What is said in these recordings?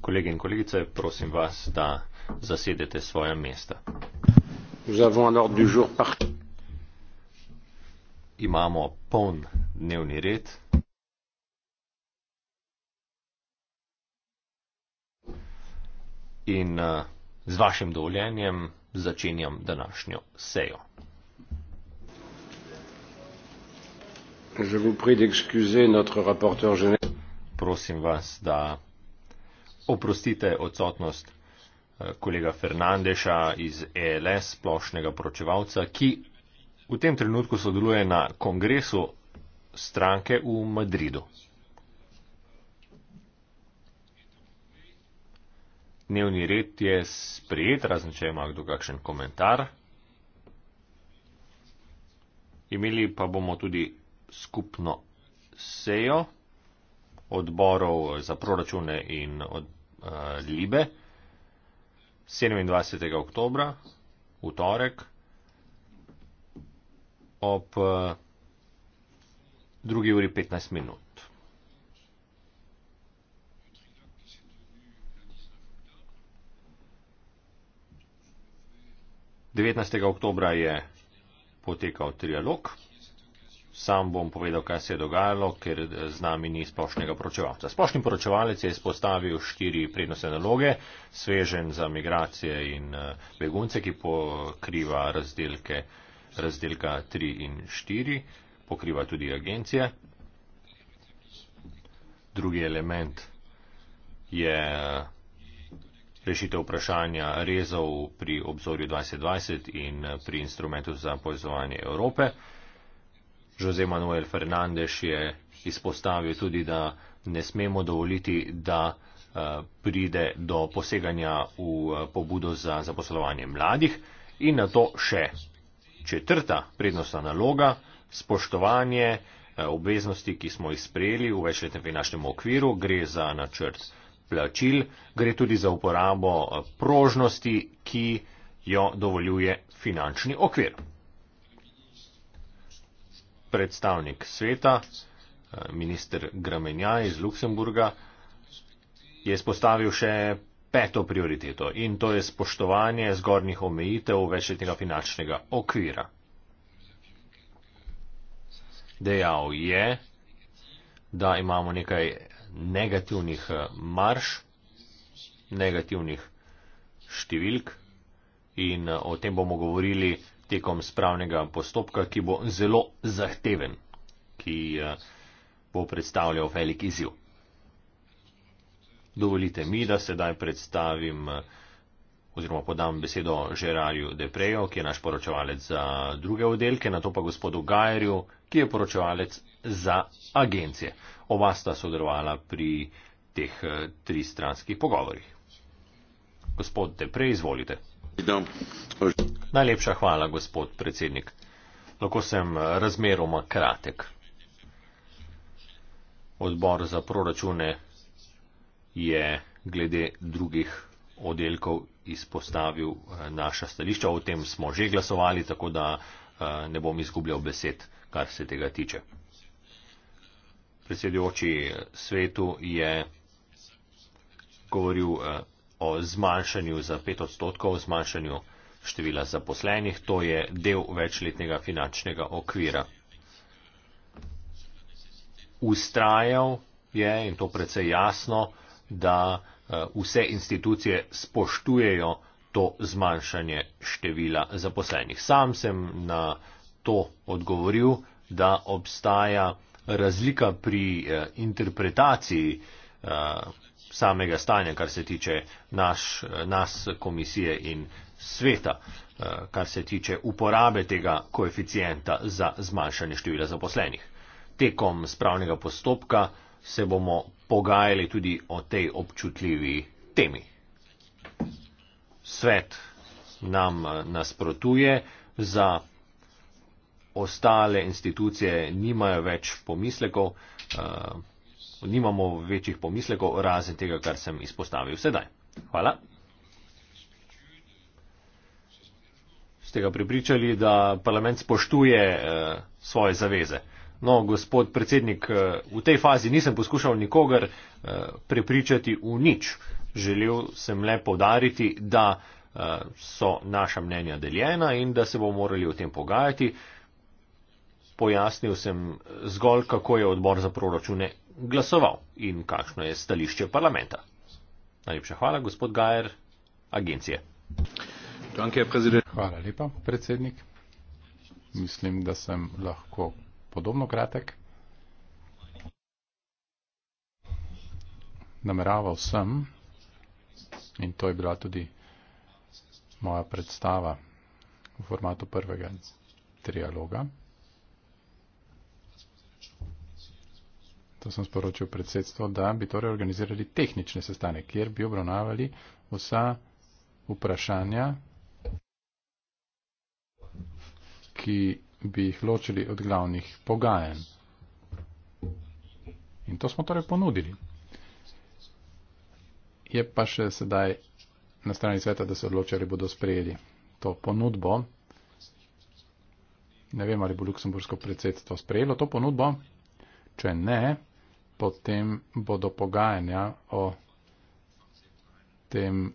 kolegi in kolegice prosim vas da zasedete svoja mesta imamo poln dnevni red in eh, z vašim dovoljenjem začenjam današnjo sejo Prosim vas, da oprostite odsotnost eh, kolega Fernandeša iz ELS, splošnega poročevalca, ki v tem trenutku sodeluje na kongresu stranke v Madridu. Dnevni red je sprejet, razen če ima kdo kakšen komentar. Imeli pa bomo tudi skupno sejo odborov za proračune in od, uh, eh, libe 27. oktober v torek ob uh, eh, 2. uri 15 minut. devetnajstega oktobra je potekal trialog Sam bom povedal, kaj se je dogajalo, ker eh, z nami ni splošnega poročevalca. Splošni poročevalec je izpostavil štiri prednostne naloge, svežen za migracije in eh, begunce, ki pokriva razdelke, razdelka 3 in 4, pokriva tudi agencije. Drugi element je eh, rešitev vprašanja rezov pri obzorju 2020 in pri instrumentu za povezovanje Evrope. Jose Manuel Fernandez je izpostavil tudi, da ne smemo dovoliti, da eh, pride do poseganja v eh, pobudo za zaposlovanje mladih. In na to še četrta prednostna naloga, spoštovanje eh, obveznosti, ki smo jih sprejeli v večletnem finančnem okviru, gre za načrt plačil, gre tudi za uporabo prožnosti, ki jo dovoljuje finančni okvir predstavnik sveta, eh, minister Gramenja iz Luksemburga, je spostavil še peto prioriteto in to je spoštovanje zgornjih omejitev večletnega finančnega okvira. Dejal je, da imamo nekaj negativnih eh, marš, negativnih številk in eh, o tem bomo govorili tekom spravnega postopka, ki bo zelo zahteven, ki eh, bo predstavljal velik izziv. Dovolite mi, da sedaj predstavim eh, oziroma podam besedo Žerarju Deprejo, ki je naš poročevalec za druge oddelke, na to pa gospodu Gajerju, ki je poročevalec za agencije. Oba sta sodelovala pri teh eh, tristranskih pogovorih. Gospod Deprej, izvolite. Najlepša hvala, gospod predsednik. Lahko sem razmeroma kratek. Odbor za proračune je glede drugih oddelkov izpostavil eh, naša stališča. O tem smo že glasovali, tako da eh, ne bom izgubljal besed, kar se tega tiče. Predsedujoči svetu je govoril eh, o zmanjšanju za pet odstotkov, o zmanjšanju števila zaposlenih. To je del večletnega finančnega okvira. Ustrajal je, in to predvsej jasno, da eh, vse institucije spoštujejo to zmanjšanje števila zaposlenih. Sam sem na to odgovoril, da obstaja razlika pri eh, interpretaciji eh, samega stanja, kar se tiče naš, nas, komisije in sveta, eh, kar se tiče uporabe tega koeficijenta za zmanjšanje števila zaposlenih. Tekom spravnega postopka se bomo pogajali tudi o tej občutljivi temi. Svet nam eh, nasprotuje, za ostale institucije nimajo več pomislekov. Uh, nimamo večjih pomislekov, razen tega, kar sem izpostavil sedaj. Hvala. Ste ga pripričali, da parlament spoštuje eh, svoje zaveze. No, gospod predsednik, eh, v tej fazi nisem poskušal nikogar eh, prepričati v nič. Želel sem le povdariti, da eh, so naša mnenja deljena in da se bomo morali o tem pogajati. Pojasnil sem zgolj, kako je odbor za proračune glasoval in kakšno je stališče parlamenta. Najlepša hvala, gospod Gajer, agencije. Hvala lepa, predsednik. Mislim, da sem lahko podobno kratek. Nameraval sem, in to je bila tudi moja predstava v formatu prvega trialoga, to sem sporočil predsedstvo, da bi torej organizirali tehnične sestane, kjer bi obravnavali vsa vprašanja, ki bi jih ločili od glavnih pogajanj. In to smo torej ponudili. Je pa še sedaj na strani sveta, da se odločili bodo sprejeli to ponudbo. Ne vem, ali bo luksemburgsko predsedstvo sprejelo to ponudbo. Če ne, potem bodo pogajanja o tem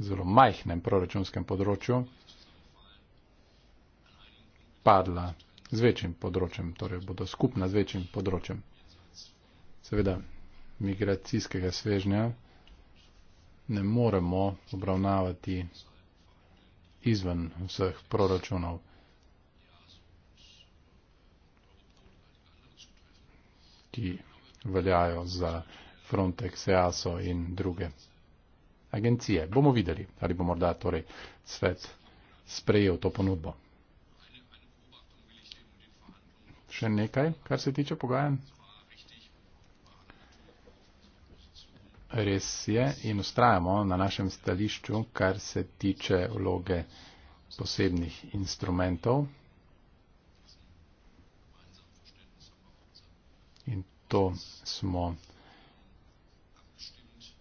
zelo majhnem proračunskem področju padla z večjim področjem, torej bodo skupna z večjim področjem. Seveda, migracijskega svežnja ne moremo obravnavati izven vseh proračunov. ki veljajo za Frontex, EASO in druge agencije. Bomo videli, ali bo morda torej svet sprejel to ponudbo. Še nekaj, kar se tiče pogajanj? Res je in ustrajamo na našem stališču, kar se tiče vloge posebnih instrumentov, In to smo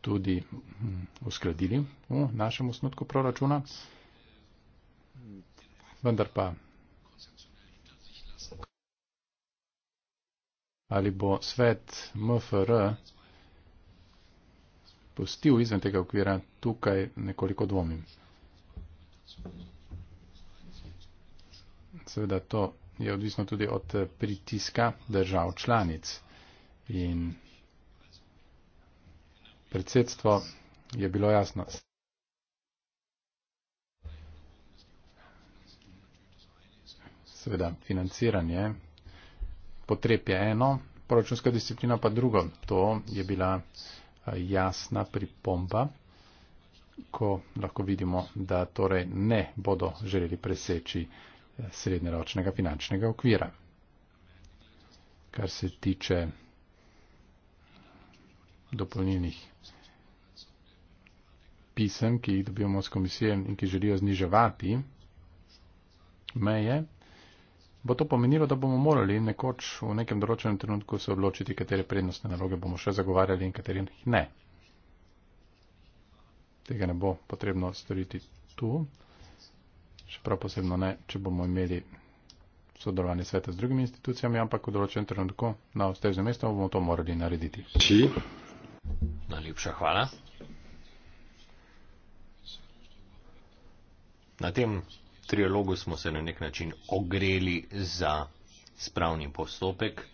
tudi hm, uskladili v našem osnutku proračuna. Vendar pa. Ali bo svet MFR postil izven tega okvira, tukaj nekoliko dvomim. Seveda to je odvisno tudi od eh, pritiska držav članic. In predsedstvo je bilo jasno. Seveda, financiranje potreb je eno, proračunska disciplina pa drugo. To je bila eh, jasna pripomba, ko lahko vidimo, da torej ne bodo želeli preseči srednjeročnega finančnega okvira. Kar se tiče dopolnilnih pisem, ki jih dobijamo s komisije in ki želijo zniževati meje, bo to pomenilo, da bomo morali nekoč v nekem določenem trenutku se odločiti, katere prednostne naloge bomo še zagovarjali in katere ne. Tega ne bo potrebno storiti tu še prav posebno ne, če bomo imeli sodelovanje sveta z drugimi institucijami, ampak v določen trenutku na ustrezno mesto bomo to morali narediti. Či? Najlepša hvala. Na tem trialogu smo se na nek način ogreli za spravni postopek.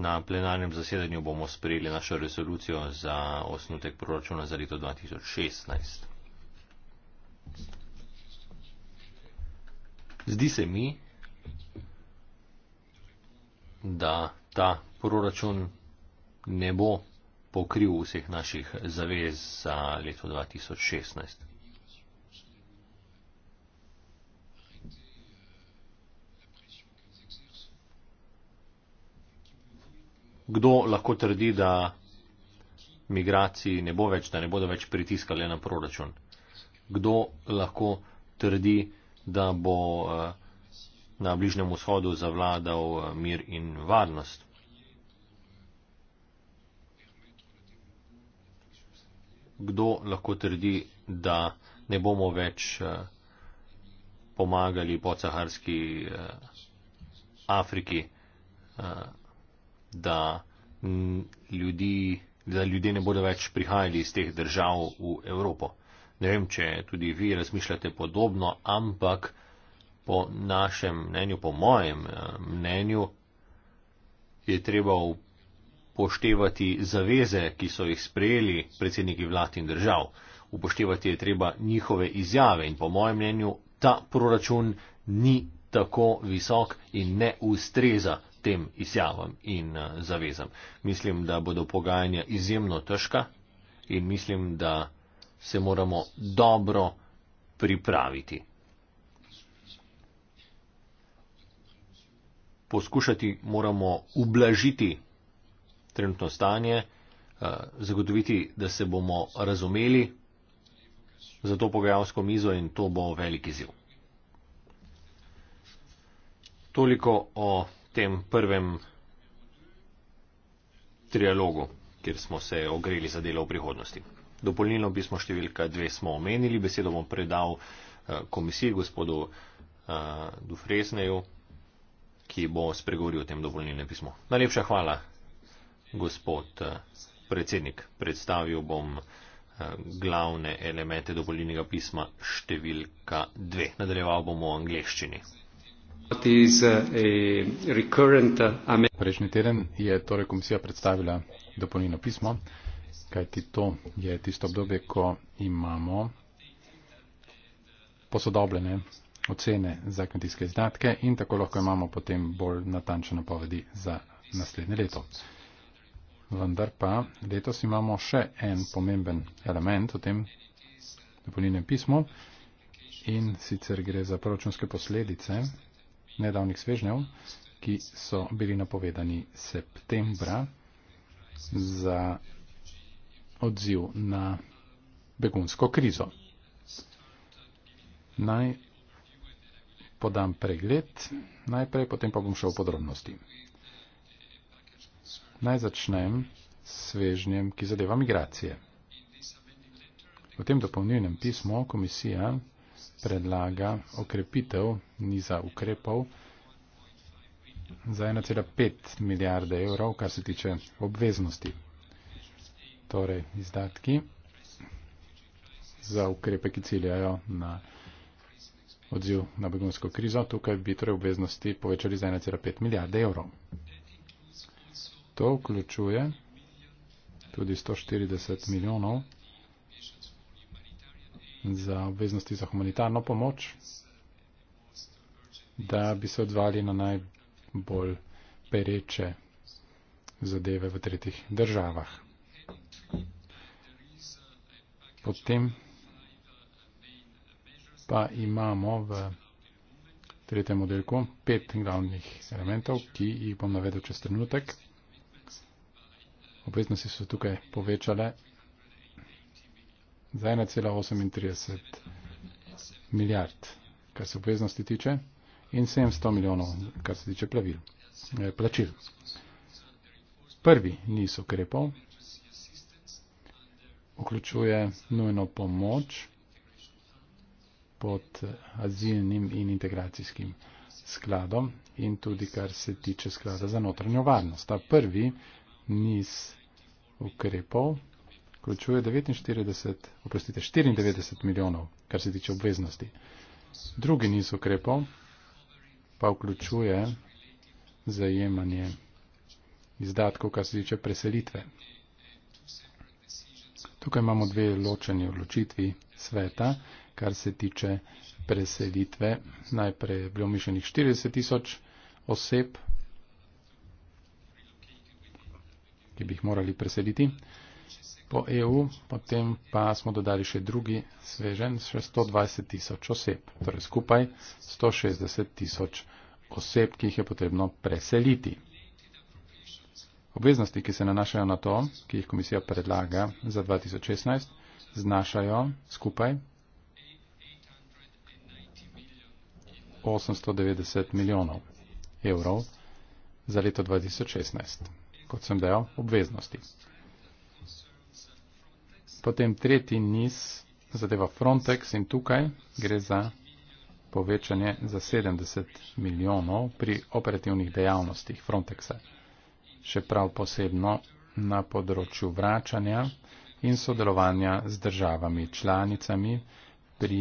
Na plenarnem zasedanju bomo sprejeli našo resolucijo za osnutek proračuna za leto 2016. Zdi se mi, da ta proračun ne bo pokril vseh naših zavez za leto 2016. Kdo lahko trdi, da migraciji ne bo več, da ne bodo več pritiskali na proračun? Kdo lahko trdi, da da bo eh, na Bližnjem vzhodu zavladal eh, mir in varnost. Kdo lahko trdi, da ne bomo več eh, pomagali po saharski Afriki, da ljudi, da ljudje ne bodo več prihajali iz teh držav v Evropo. Ne vem, če tudi vi razmišljate podobno, ampak po našem mnenju, po mojem eh, mnenju, je treba upoštevati zaveze, ki so jih sprejeli predsedniki vlad in držav. Upoštevati je treba njihove izjave in po mojem mnenju ta proračun ni tako visok in ne ustreza tem izjavam in eh, zavezam. Mislim, da bodo pogajanja izjemno težka in mislim, da se moramo dobro pripraviti. Poskušati moramo ublažiti trenutno stanje, eh, zagotoviti, da se bomo razumeli za to pogajalsko mizo in to bo veliki ziv. Toliko o tem prvem trialogu, kjer smo se ogreli za delo v prihodnosti. Dopolnilno pismo številka 2 smo omenili, besedo bom predal eh, komisiji gospodu eh, Dufresneju, ki bo spregovoril o tem dopolnilnem pismu. Najlepša hvala, gospod eh, predsednik. Predstavil bom glavne elemente dopolnilnega pisma številka 2. Nadaljeval bomo v angleščini. Prejšnji teden je torej komisija predstavila dopolnilno pismo kajti to je tisto obdobje, ko imamo posodobljene ocene za kmetijske izdatke in tako lahko imamo potem bolj natančne napovedi za naslednje leto. Vendar pa letos imamo še en pomemben element v tem dopolnilnem pismu in sicer gre za proračunske posledice nedavnih svežnjev, ki so bili napovedani septembra za odziv na begunsko krizo. Naj podam pregled najprej, potem pa bom šel v podrobnosti. Naj začnem s svežnjem, ki zadeva migracije. V tem dopolnilnem pismu komisija predlaga okrepitev niza ukrepov za 1,5 milijarde evrov, kar se tiče obveznosti torej izdatki za ukrepe, ki ciljajo na odziv na begunsko krizo. Tukaj bi torej obveznosti povečali za 1,5 milijarde evrov. To vključuje tudi 140 milijonov za obveznosti za humanitarno pomoč, da bi se odzvali na najbolj pereče zadeve v tretjih državah. Potem pa imamo v tretjem modelku pet glavnih elementov, ki jih bom navedel čez trenutek. Obveznosti so tukaj povečale za 1,38 milijard, kar se obveznosti tiče, in 700 milijonov, kar se tiče plavil, eh, plačil. Prvi niz ukrepov vključuje nujno pomoč pod azilnim in integracijskim skladom in tudi kar se tiče sklada za notranjo varnost. Ta prvi niz ukrepov vključuje 49, oprostite, 94 milijonov, kar se tiče obveznosti. Drugi niz ukrepov pa vključuje zajemanje izdatkov, kar se tiče preselitve. Tukaj imamo dve ločeni odločitvi sveta, kar se tiče preseditve. Najprej je bilo mišljenih 40 tisoč oseb, ki bi jih morali presediti po EU, potem pa smo dodali še drugi svežen, še 120 tisoč oseb, torej skupaj 160 tisoč oseb, ki jih je potrebno preseliti. Obveznosti, ki se nanašajo na to, ki jih komisija predlaga za 2016, znašajo skupaj 890 milijonov evrov za leto 2016, kot sem dejal, obveznosti. Potem tretji niz zadeva Frontex in tukaj gre za povečanje za 70 milijonov pri operativnih dejavnostih Frontexa še prav posebno na področju vračanja in sodelovanja z državami članicami pri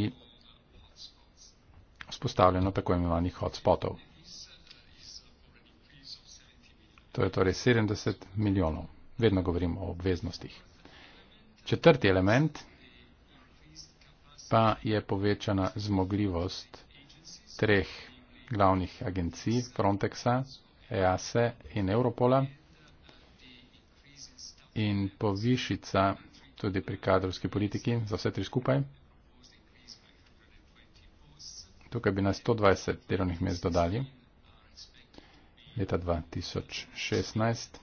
spostavljanju tako imenovanih hotspotov. To je torej 70 milijonov. Vedno govorimo o obveznostih. Četrti element pa je povečana zmogljivost treh glavnih agencij Frontexa, EASE e in Europola in povišica tudi pri kadrovski politiki za vse tri skupaj. Tukaj bi nas 120 delovnih mest dodali. Leta 2016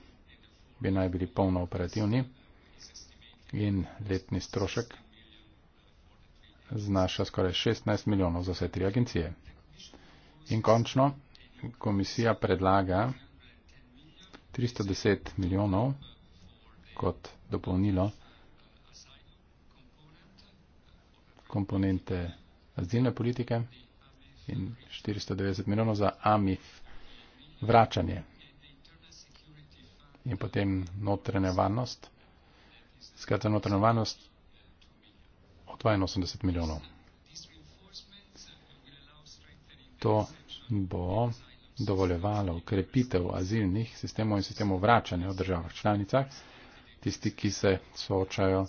bi naj bili polno operativni in letni strošek znaša skoraj 16 milijonov za vse tri agencije. In končno, komisija predlaga 310 milijonov kot dopolnilo komponente azilne politike in 490 milijonov za AMIF vračanje in potem notranja varnost. Skratka, notranja varnost od 82 milijonov. To bo dovoljevalo ukrepitev azilnih sistemov in sistemov vračanja v državah članicah, tisti, ki se soočajo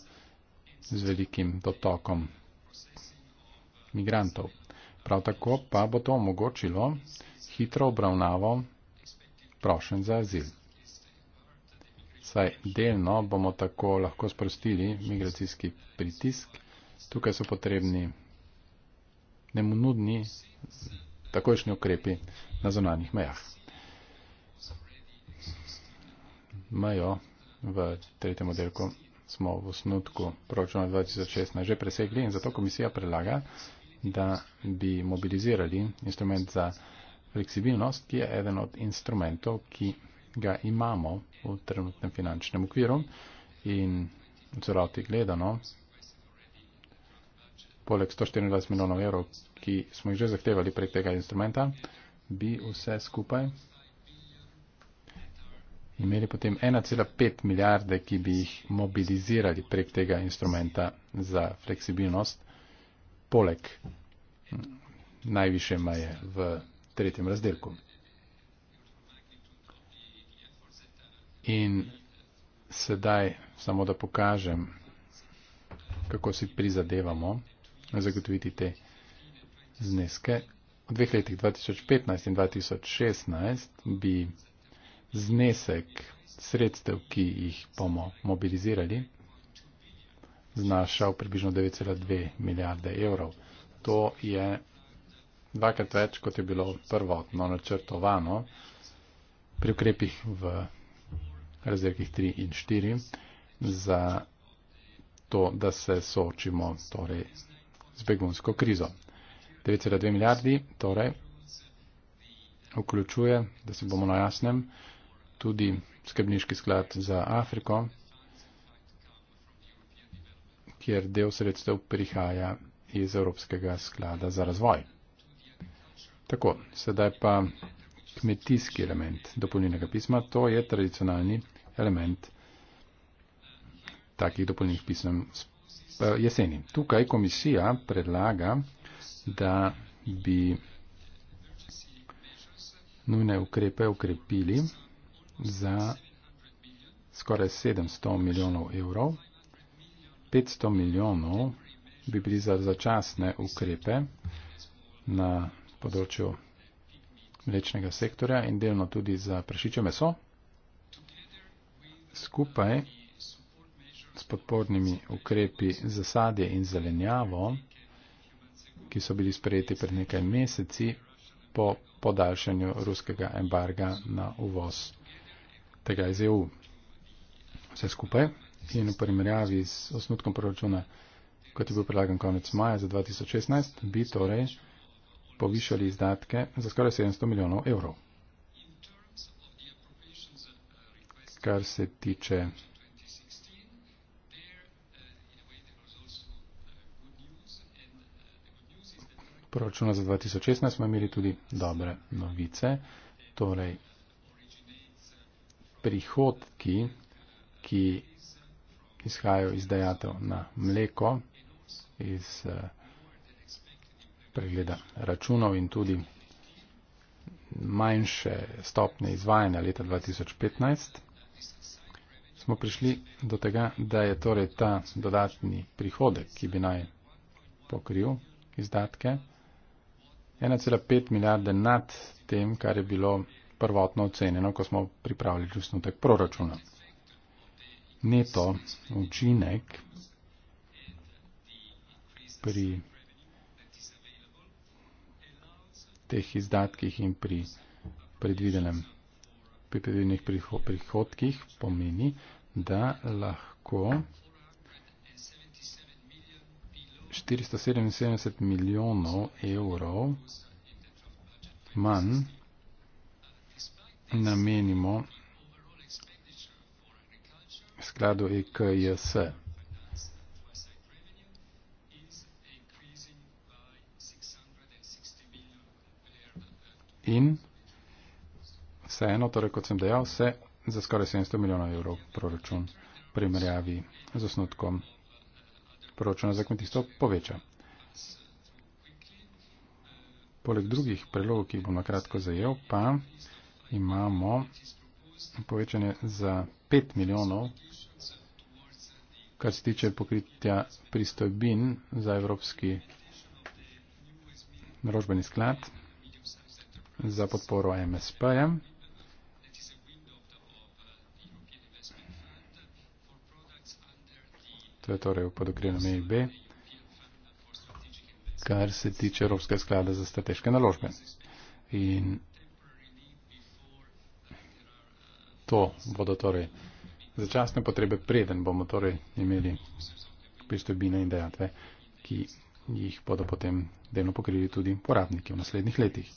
z velikim dotokom migrantov. Prav tako pa bo to omogočilo hitro obravnavo prošen za azil. Saj delno bomo tako lahko sprostili migracijski pritisk. Tukaj so potrebni nemunudni takojšnji ukrepi na zunanjih mejah. Mejo v tretjem oddelku smo v osnutku proračuna 2016 že presegli in zato komisija predlaga, da bi mobilizirali instrument za fleksibilnost, ki je eden od instrumentov, ki ga imamo v trenutnem finančnem okviru in v celoti gledano, poleg 124 milijonov evrov, ki smo jih že zahtevali prek tega instrumenta, bi vse skupaj imeli potem 1,5 milijarde, ki bi jih mobilizirali prek tega instrumenta za fleksibilnost, poleg hm, najviše maje v tretjem razdelku. In sedaj samo da pokažem, kako si prizadevamo zagotoviti te zneske dveh letih 2015 in 2016 bi znesek sredstev, ki jih bomo mobilizirali, znašal približno 9,2 milijarde evrov. To je dvakrat več, kot je bilo prvotno načrtovano pri ukrepih v razdelkih 3 in 4 za to, da se soočimo torej z begunsko krizo. 9,2 milijardi, torej vključuje, da se bomo na jasnem, tudi skrbniški sklad za Afriko, kjer del sredstev prihaja iz Evropskega sklada za razvoj. Tako, sedaj pa kmetijski element dopolnilnega pisma, to je tradicionalni element takih dopolnilnih pisem eh, jeseni. Tukaj komisija predlaga da bi nujne ukrepe ukrepili za skoraj 700 milijonov evrov. 500 milijonov bi bili za začasne ukrepe na področju mlečnega sektorja in delno tudi za prašiče meso. Skupaj s podpornimi ukrepi za sadje in zelenjavo ki so bili sprejeti pred nekaj meseci po podaljšanju ruskega embarga na uvoz tega iz EU. Vse skupaj in v primerjavi z osnutkom proračuna, kot je bil predlagan konec maja za 2016, bi torej povišali izdatke za skoraj 700 milijonov evrov. Kar se tiče proračuna za 2016 smo imeli tudi dobre novice. Torej, prihodki, ki izhajajo iz dejatev na mleko, iz eh, pregleda računov in tudi manjše stopne izvajanja leta 2015, smo prišli do tega, da je torej ta dodatni prihodek, ki bi naj pokril izdatke, 1,5 milijarde nad tem, kar je bilo prvotno ocenjeno, ko smo pripravili osnutek proračuna. Neto učinek pri teh izdatkih in pri predvidenem pri predvidenih prihodkih pomeni, da lahko 477 milijonov evrov manj namenimo skladu EKJS. In vseeno, torej kot sem dejal, se za skoraj 700 milijonov evrov proračun primerjavi z osnotkom proračuna za kmetijstvo poveča. Poleg drugih prelogov, ki jih bom nakratko zajel, pa imamo povečanje za 5 milijonov, kar se tiče pokritja pristojbin za Evropski naročbeni sklad za podporo MSP-jem. -ja. To je torej v podokrinom EIB, kar se tiče Evropske sklada za strateške naložbe. In to bodo torej začasne potrebe preden bomo torej imeli pristojbine in dejatve, ki jih bodo potem delno pokrili tudi porabniki v naslednjih letih.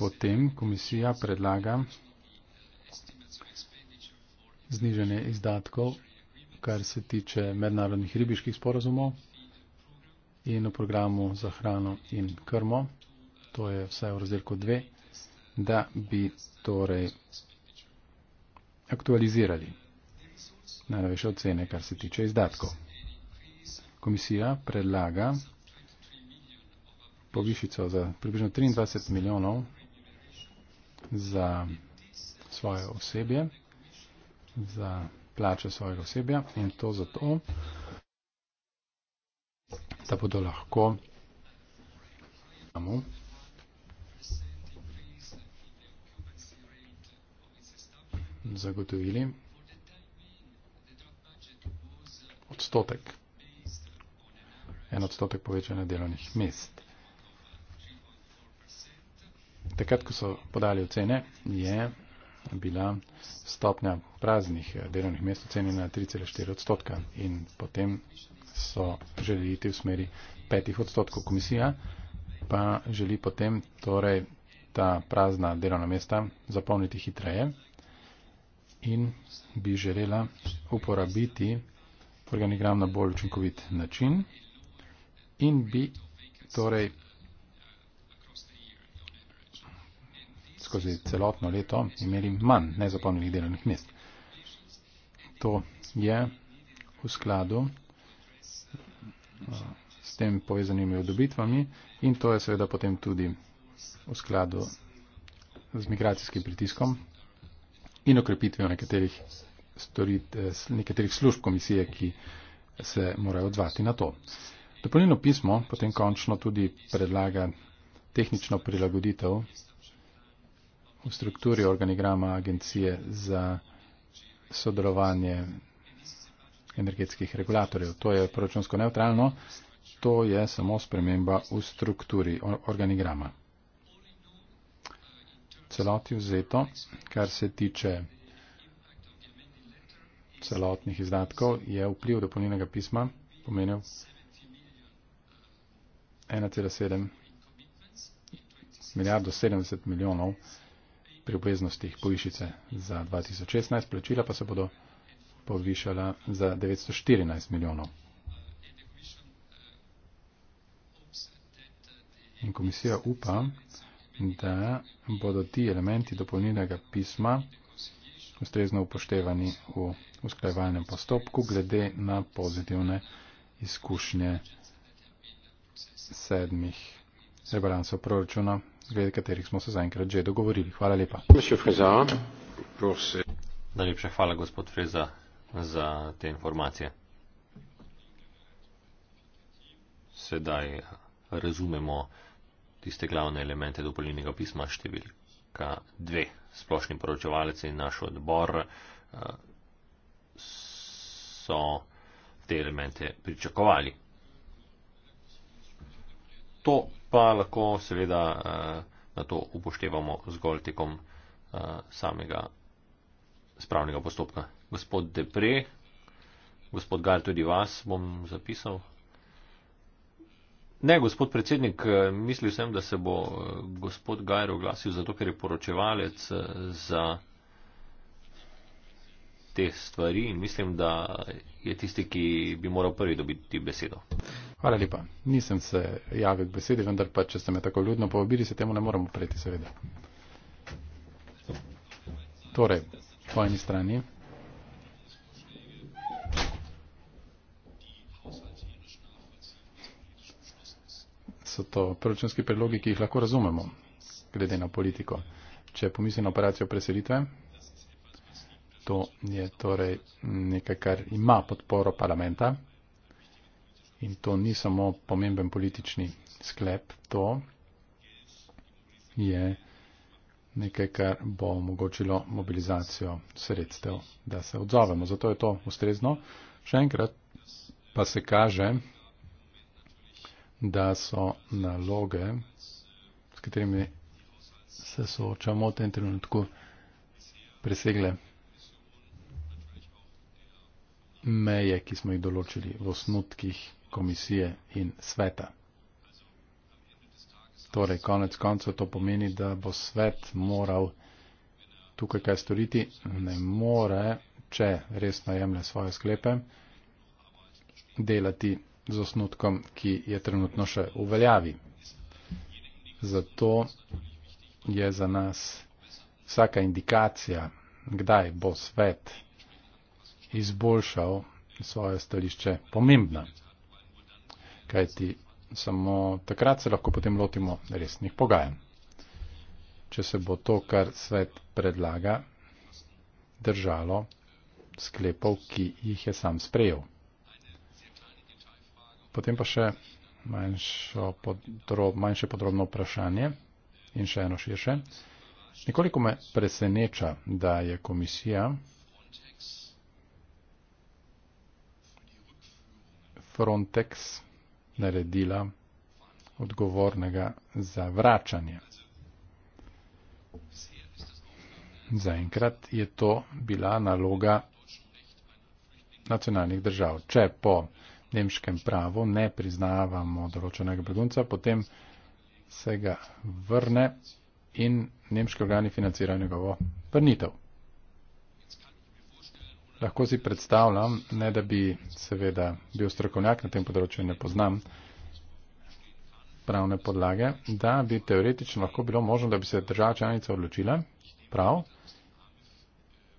Potem komisija predlaga znižanje izdatkov kar se tiče mednarodnih ribiških sporazumov in v programu za hrano in krmo, to je vse v razdelku dve, da bi torej aktualizirali najnovejše ocene, kar se tiče izdatkov. Komisija predlaga povišico za približno 23 milijonov za svoje osebje, za plače svojega osebja in to zato, da bodo lahko samo zagotovili odstotek, en odstotek povečanja delovnih mest. Takrat, ko so podali ocene, je bila stopnja praznih delovnih mest ocenjena 3,4 odstotka in potem so želeli iti v smeri 5 odstotkov. Komisija pa želi potem torej ta prazna delovna mesta zapolniti hitreje in bi želela uporabiti organigram na bolj učinkovit način in bi torej skozi celotno leto imeli manj nezapolnjenih delovnih mest. To je v skladu eh, s tem povezanimi odobitvami in to je seveda potem tudi v skladu z migracijskim pritiskom in okrepitvijo nekaterih, eh, nekaterih služb komisije, ki se morajo odzvati na to. Dopolnilno pismo potem končno tudi predlaga tehnično prilagoditev v strukturi organigrama agencije za sodelovanje energetskih regulatorjev. To je proračunsko neutralno, to je samo sprememba v strukturi organigrama. Celoti vzeto, kar se tiče celotnih izdatkov, je vpliv dopolnilnega pisma pomenil 1,7 milijardo 70 milijonov pri obveznostih povišice za 2016, plačila pa se bodo povišala za 914 milijonov. In komisija upa, da bodo ti elementi dopolnilnega pisma ustrezno upoštevani v usklajevalnem postopku glede na pozitivne izkušnje sedmih rebalansov proračuna glede katerih smo se zaenkrat že dogovorili. Hvala lepa. Najlepša hvala, gospod Freza, za te informacije. Sedaj razumemo tiste glavne elemente dopolnilnega pisma številka dve. Splošni poročevalci in naš odbor eh, so te elemente pričakovali. To pa lahko seveda eh, na to upoštevamo zgolj tekom eh, samega spravnega postopka. Gospod Depre, gospod Gar, tudi vas bom zapisal. Ne, gospod predsednik, eh, mislil sem, da se bo gospod Gajer oglasil zato, ker je poročevalec za teh stvari in mislim, da je tisti, ki bi moral prvi dobiti besedo. Hvala lepa. Nisem se javil k besedi, vendar pa, če ste me tako ljudno povabili, se temu ne moramo preti, seveda. Torej, po eni strani. So to proračunski predlogi, ki jih lahko razumemo, glede na politiko. Če pomislim na operacijo preselitve, to je torej nekaj, kar ima podporo parlamenta in to ni samo pomemben politični sklep, to je nekaj, kar bo omogočilo mobilizacijo sredstev, da se odzovemo. Zato je to ustrezno. Še enkrat pa se kaže, da so naloge, s katerimi se soočamo v tem trenutku, presegle meje, ki smo jih določili v osnutkih komisije in sveta. Torej, konec koncev to pomeni, da bo svet moral tukaj kaj storiti. Ne more, če resno jemlje svoje sklepe, delati z osnutkom, ki je trenutno še v veljavi. Zato je za nas vsaka indikacija, kdaj bo svet izboljšal svoje stališče, pomembna. Kajti samo takrat se lahko potem lotimo resnih pogajanj. Če se bo to, kar svet predlaga, držalo sklepov, ki jih je sam sprejel. Potem pa še podrob, manjše podrobno vprašanje in še eno širše. Nekoliko me preseneča, da je komisija Frontex naredila odgovornega za vračanje. Zaenkrat je to bila naloga nacionalnih držav. Če po nemškem pravu ne priznavamo določenega begunca, potem se ga vrne in nemški organi financirajo njegovo vrnitev. Lahko si predstavljam, ne da bi seveda bil strokovnjak na tem področju, ne poznam pravne podlage, da bi teoretično lahko bilo možno, da bi se država članica odločila, prav,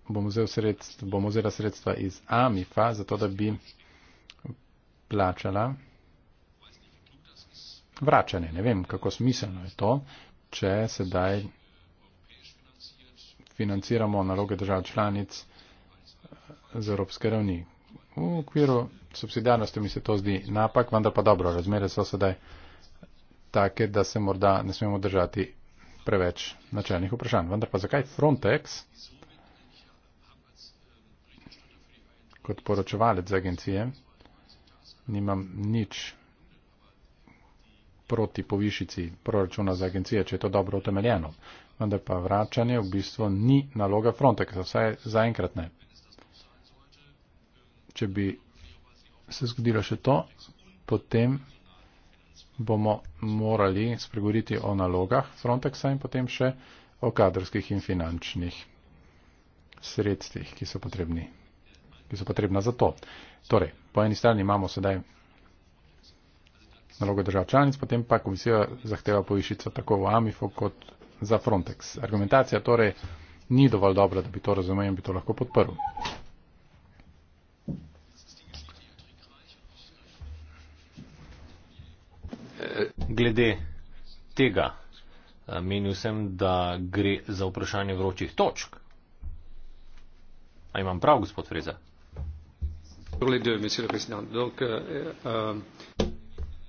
bom vzela sredstva, bom vzela sredstva iz AMIFA, zato da bi plačala vračanje. Ne vem, kako smiselno je to, če sedaj financiramo naloge držav članic, z evropske ravni. V okviru subsidijarnosti mi se to zdi napak, vendar pa dobro, razmere so sedaj take, da se morda ne smemo držati preveč načelnih vprašanj. Vendar pa zakaj Frontex kot poročevalec za agencije nimam nič proti povišici proračuna za agencije, če je to dobro utemeljeno. Vendar pa vračanje v bistvu ni naloga Frontexa, vsaj zaenkrat ne če bi se zgodilo še to, potem bomo morali spregovoriti o nalogah Frontexa in potem še o kadrskih in finančnih sredstvih, ki so potrebni, ki so potrebna za to. Torej, po eni strani imamo sedaj nalogo držav članic, potem pa komisija zahteva povišico tako v AMIFO kot za Frontex. Argumentacija torej ni dovolj dobra, da bi to razumel in bi to lahko podprl. glede tega eh, menil sem, da gre za vprašanje vročih točk. A imam prav, gospod Freza? Euh, euh,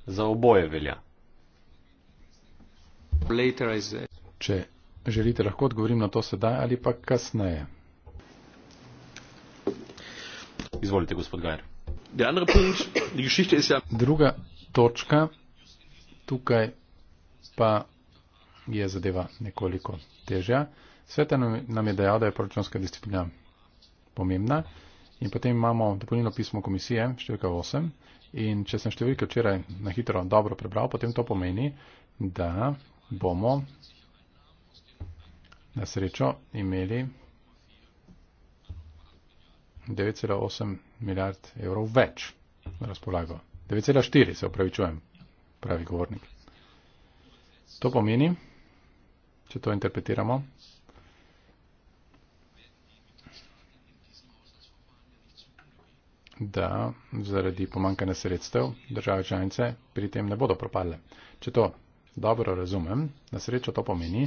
za oboje velja. Če želite, lahko odgovorim na to sedaj ali pa kasneje. Izvolite, gospod Gajer. Ja- Druga točka tukaj pa je zadeva nekoliko težja. Svet nam je dejal, da je proračunska disciplina pomembna. In potem imamo dopolnilno pismo komisije, številka 8. In če sem številke včeraj na hitro dobro prebral, potem to pomeni, da bomo na srečo imeli 9,8 milijard evrov več na razpolago. 9,4 se upravičujem, pravi govornik. To pomeni, če to interpretiramo, da zaradi pomankanja sredstev države članice pri tem ne bodo propadle. Če to dobro razumem, na srečo to pomeni,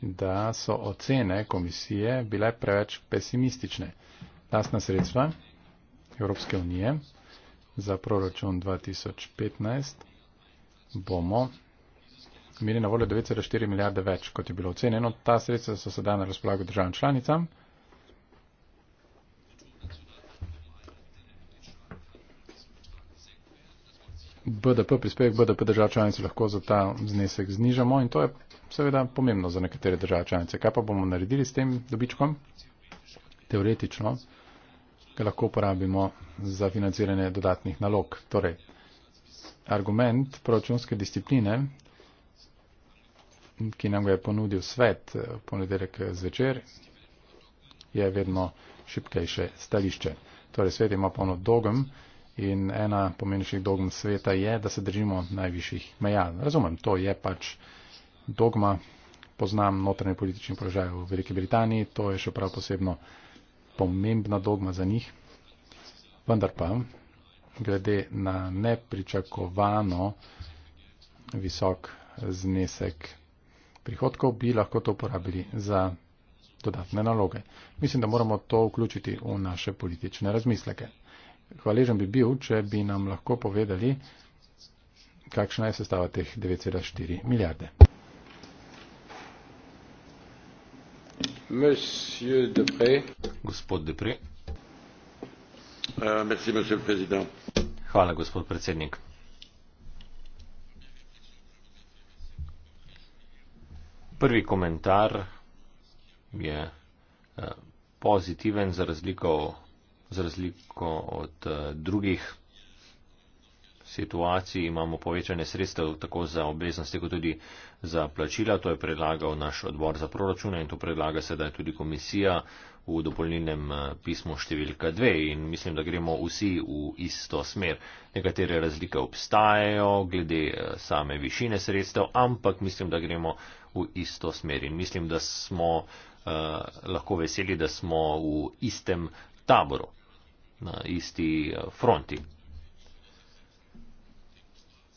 da so ocene komisije bile preveč pesimistične. Lastna sredstva Evropske unije za proračun 2015 bomo imeli na voljo 9,4 milijarde več, kot je bilo ocenjeno. Ta sredstva so sedaj na razpolago državam članicam. BDP, prispevek BDP držav članice lahko za ta znesek znižamo in to je seveda pomembno za nekatere držav članice. Kaj pa bomo naredili s tem dobičkom? Teoretično ga lahko uporabimo za financiranje dodatnih nalog. Torej, argument proračunske discipline, ki nam ga je ponudil svet eh, ponedeljek eh, zvečer, je vedno šipkejše stališče. Torej, svet ima polno dogem in ena pomenjših dogem sveta je, da se držimo najvišjih meja. Razumem, to je pač dogma. Poznam notranje politične položaje v Veliki Britaniji, to je še prav posebno pomembna dogma za njih. Vendar pa glede na nepričakovano visok znesek prihodkov, bi lahko to uporabili za dodatne naloge. Mislim, da moramo to vključiti v naše politične razmisleke. Hvaležen bi bil, če bi nam lahko povedali, kakšna je sestava teh 9,4 milijarde. Gospod Depre. Uh, merci, monsieur le président. Hvala, gospod predsednik. Prvi komentar je eh, pozitiven za razliko, za razliko od eh, drugih situaciji imamo povečanje sredstev tako za obveznosti, kot tudi za plačila. To je predlagal naš odbor za proračune in to predlaga sedaj tudi komisija v dopolnilnem eh, pismu številka 2 in mislim, da gremo vsi v isto smer. Nekatere razlike obstajajo glede eh, same višine sredstev, ampak mislim, da gremo v isto smer in mislim, da smo uh, lahko veseli, da smo v istem taboru, na isti fronti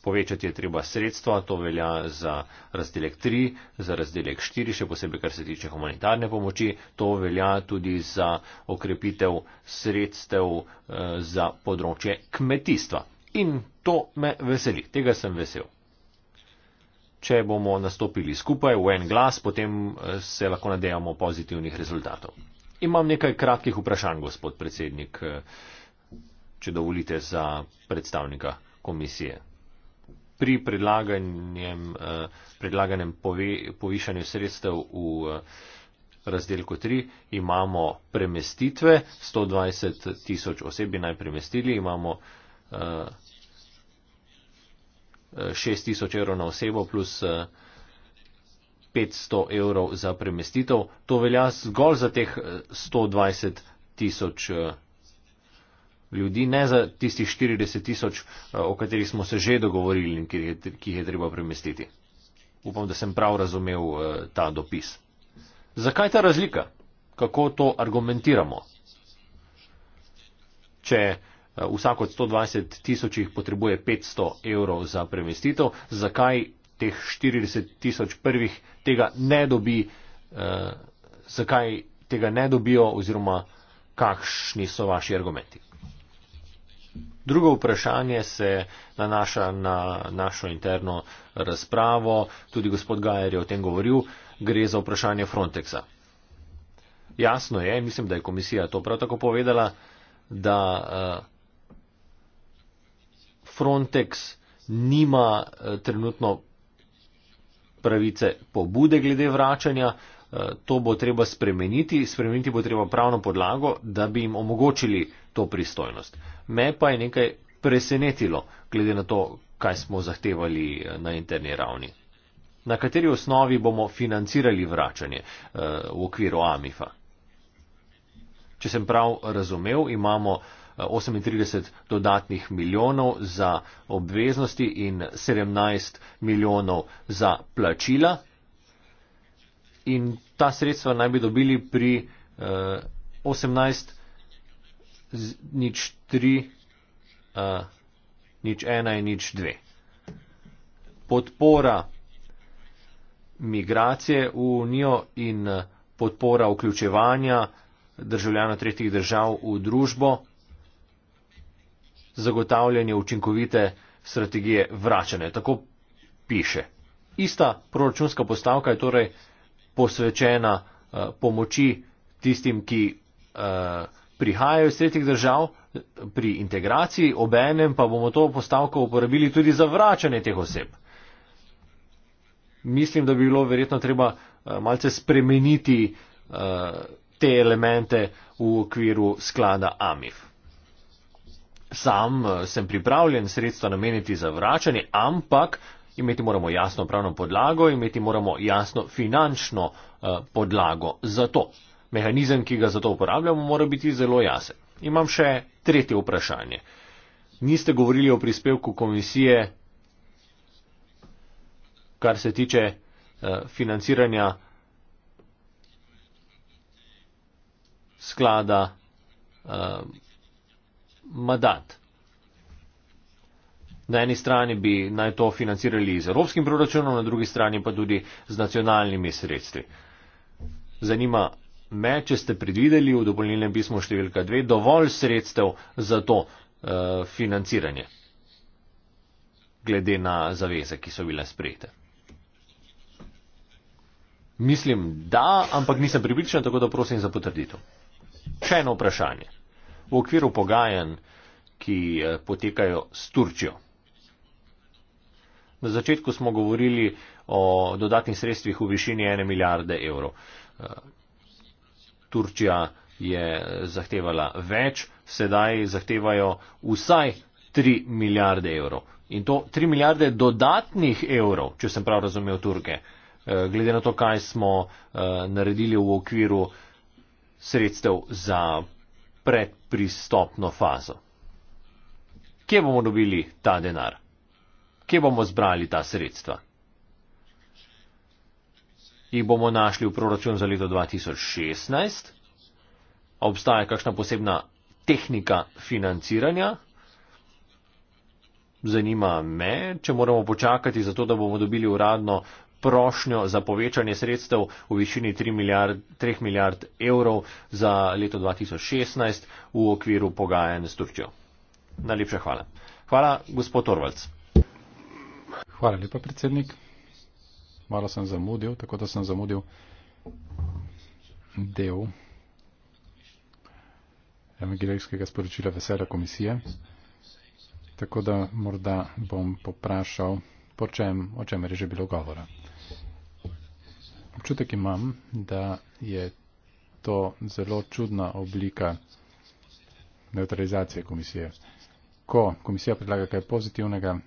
povečati je treba sredstva, to velja za razdelek 3, za razdelek 4, še posebej kar se tiče humanitarne pomoči, to velja tudi za okrepitev sredstev eh, za področje kmetijstva. In to me veseli, tega sem vesel. Če bomo nastopili skupaj v en glas, potem eh, se lahko nadejamo pozitivnih rezultatov. Imam nekaj kratkih vprašanj, gospod predsednik, eh, če dovolite za predstavnika komisije pri predlaganjem, eh, predlaganjem pove, povišanju sredstev v eh, razdelku 3 imamo premestitve, 120 tisoč osebi naj premestili, imamo 6 eh, tisoč evrov na osebo plus 500 evrov za premestitev. To velja zgolj za teh 120 tisoč osebi ljudi, ne za tistih 40 tisoč, eh, o katerih smo se že dogovorili in ki jih je treba premestiti. Upam, da sem prav razumel eh, ta dopis. Zakaj ta razlika? Kako to argumentiramo? Če eh, vsak od 120 tisočih potrebuje 500 evrov za premestitev, zakaj teh 40 tisoč prvih tega ne dobi, eh, zakaj tega ne dobijo oziroma kakšni so vaši argumenti? Drugo vprašanje se nanaša na našo interno razpravo. Tudi gospod Gajer je o tem govoril. Gre za vprašanje Frontexa. Jasno je, mislim, da je komisija to prav tako povedala, da eh, Frontex nima eh, trenutno pravice pobude glede vračanja. Eh, to bo treba spremeniti. Spremeniti bo treba pravno podlago, da bi jim omogočili to pristojnost. Me pa je nekaj presenetilo, glede na to, kaj smo zahtevali eh, na interni ravni. Na kateri osnovi bomo financirali vračanje eh, v okviru AMIF-a? Če sem prav razumel, imamo 38 eh, dodatnih milijonov za obveznosti in 17 milijonov za plačila. In ta sredstva naj bi dobili pri eh, 18 milijonov nič 3, uh, nič 1 in nič 2. Podpora migracije v Unijo in podpora vključevanja državljanov tretjih držav v družbo, zagotavljanje učinkovite strategije vračanja. Tako piše. Ista proračunska postavka je torej posvečena uh, pomoči tistim, ki uh, prihajajo iz tretjih držav pri integraciji, obenem pa bomo to postavko uporabili tudi za vračanje teh oseb. Mislim, da bi bilo verjetno treba eh, malce spremeniti eh, te elemente v okviru sklada AMIF. Sam eh, sem pripravljen sredstva nameniti za vračanje, ampak imeti moramo jasno pravno podlago, imeti moramo jasno finančno podlago za to. Mehanizem, ki ga za to uporabljamo, mora biti zelo jasen. Imam še tretje vprašanje. Niste govorili o prispevku komisije, kar se tiče uh, financiranja sklada uh, Madat. Na eni strani bi naj to financirali z evropskim proračunom, na drugi strani pa tudi z nacionalnimi sredstvi. Zanima me, me, če ste predvideli v dopolnilnem pismu številka 2, dovolj sredstev za to uh, financiranje, glede na zaveze, ki so bile sprejete. Mislim, da, ampak nisem pripričan, tako da prosim za potrditev. Še eno vprašanje. V okviru pogajanj, ki eh, potekajo s Turčjo. Na začetku smo govorili o dodatnih sredstvih v višini 1 milijarde evrov. Eh, Turčija je zahtevala več, sedaj zahtevajo vsaj 3 milijarde evrov. In to 3 milijarde dodatnih evrov, če sem prav razumel Turke, eh, glede na to, kaj smo eh, naredili v okviru sredstev za predpristopno fazo. Kje bomo dobili ta denar? Kje bomo zbrali ta sredstva? jih bomo našli v proračun za leto 2016? Obstaja kakšna posebna tehnika financiranja? Zanima me, če moramo počakati za to, da bomo dobili uradno prošnjo za povečanje sredstev v višini 3 milijard, 3 milijard evrov za leto 2016 v okviru pogajanj s Turčjo. Najlepša hvala. Hvala, gospod Torvalc. Hvala lepa, predsednik malo sem zamudil, tako da sem zamudil del evangelijskega sporočila Vesela komisije. Tako da morda bom poprašal, po čem, o čem je že bilo govora. Občutek imam, da je to zelo čudna oblika neutralizacije komisije. Ko komisija predlaga kaj pozitivnega,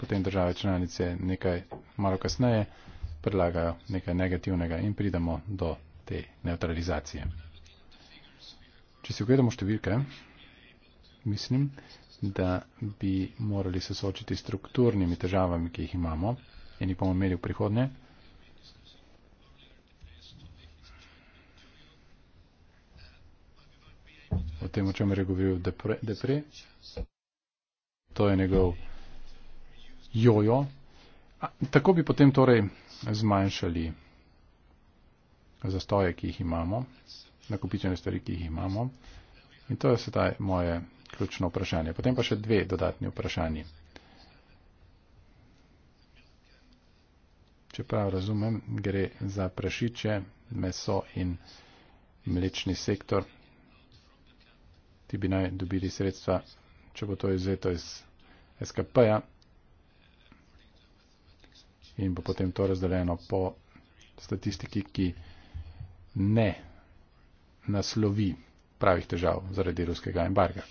potem države članice nekaj malo kasneje predlagajo nekaj negativnega in pridemo do te neutralizacije. Če si ogledamo številke, mislim, da bi morali se soočiti s strukturnimi težavami, ki jih imamo in jih bomo imeli v prihodnje. O tem, o čemer je govoril Depre, to je njegov jojo. A, tako bi potem torej zmanjšali zastoje, ki jih imamo, nakupičene stvari, ki jih imamo. In to je sedaj moje ključno vprašanje. Potem pa še dve dodatni vprašanji. Če prav razumem, gre za prašiče, meso in mlečni sektor. Ti bi naj dobili sredstva, če bo to izvzeto iz SKP-ja in bo potem to razdeljeno po statistiki, ki ne naslovi pravih težav zaradi ruskega embarga.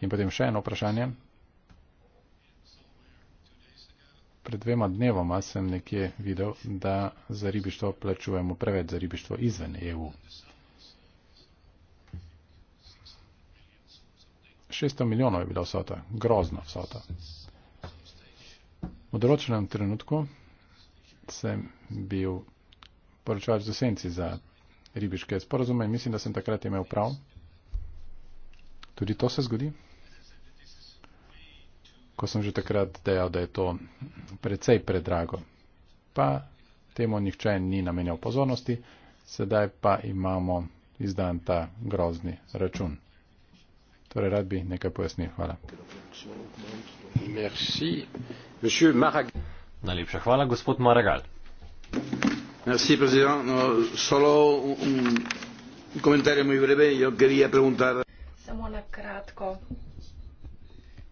In potem še eno vprašanje. Pred dvema dnevoma sem nekje videl, da za ribištvo plačujemo preveč za ribištvo izven EU. 600 milijonov je bila vsota, grozna vsota. V določenem trenutku sem bil poročevač za senci za ribiške sporozume. Mislim, da sem takrat imel prav. Tudi to se zgodi. Ko sem že takrat dejal, da je to precej predrago, pa temu nihče ni namenjal pozornosti, sedaj pa imamo izdan ta grozni račun. Torej, rad bi nekaj pojasnil. Hvala. Merci. Monsieur Maragall. Najlepša hvala, gospod Maragal. Merci, predsednik. No, solo un komentar, moj breve, jo quería preguntar. Samo na kratko.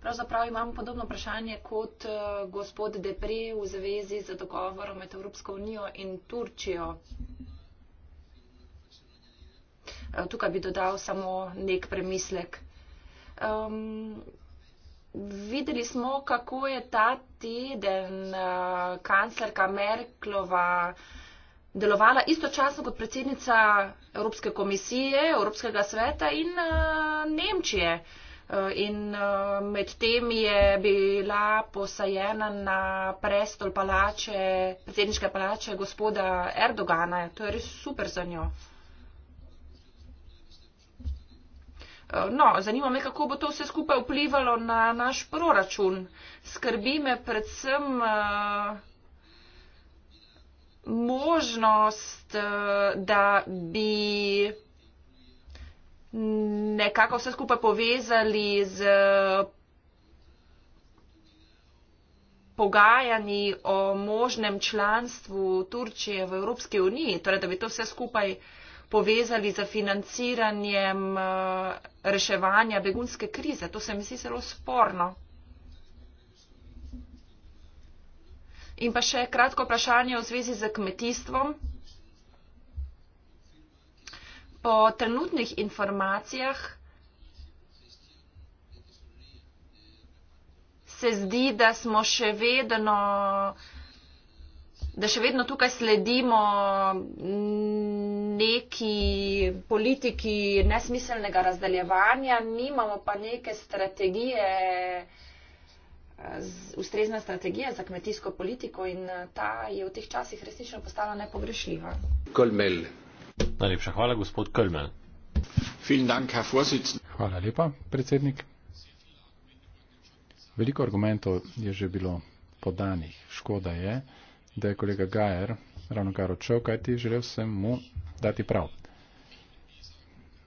Pravzaprav imam podobno vprašanje kot eh, gospod Depri v zvezi z dogovorom med Evropsko unijo in Turčijo. Eh, tukaj bi dodal samo nek premislek. Um, videli smo, kako je ta teden eh, kanclerka Merklova delovala istočasno kot predsednica Evropske komisije, Evropskega sveta in eh, Nemčije. Eh, in med tem je bila posajena na prestol palače, predsedniške palače gospoda Erdogana. To je res super za njo. Eh, no zanima me kako bo to vse skupaj vplivalo na naš proračun skrbi me predvsem eh, možnost, eh, da bi nekako vse skupaj povezali z pogajanji o možnem članstvu Turčije v Evropski uniji, torej da bi to vse skupaj povezali z financiranjem eh, reševanja begunske krize. To se mi zdi zelo sporno. In pa še kratko vprašanje v zvezi z kmetijstvom. Po trenutnih informacijah se zdi, da smo še vedno da še vedno tukaj sledimo neki politiki nesmiselnega razdeljevanja, nimamo pa neke strategije, ustrezne strategije za kmetijsko politiko in ta je v teh časih resnično postala nepogrešljiva. Kolmel. Najlepša hvala, gospod Kolmel. Hvala lepa, predsednik. Veliko argumentov je že bilo podanih. Škoda je, da je kolega Gajer ravno kar odšel, kaj ti želel sem mu dati prav.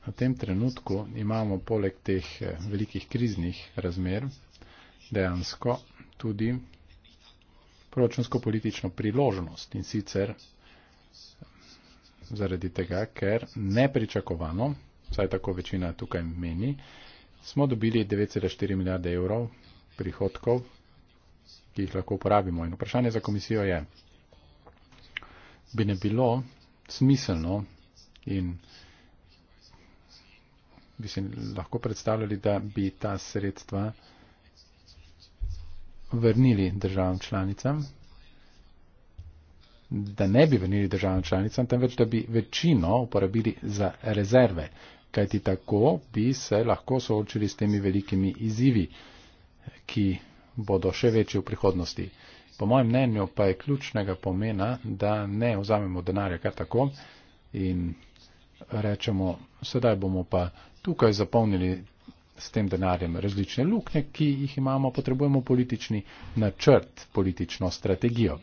Na tem trenutku imamo poleg teh eh, velikih kriznih razmer dejansko tudi proračunsko-politično priložnost in sicer zaradi tega, ker nepričakovano, saj tako večina tukaj meni, smo dobili 9,4 milijarde evrov prihodkov ki jih lahko uporabimo. In vprašanje za komisijo je, bi ne bilo smiselno in bi si lahko predstavljali, da bi ta sredstva vrnili državam članicam, da ne bi vrnili državam članicam, temveč da bi večino uporabili za rezerve, kajti tako bi se lahko soočili s temi velikimi izzivi, ki bodo še večji v prihodnosti. Po mojem mnenju pa je ključnega pomena, da ne vzamemo denarja kar tako in rečemo, sedaj bomo pa tukaj zapolnili s tem denarjem različne luknje, ki jih imamo, potrebujemo politični načrt, politično strategijo.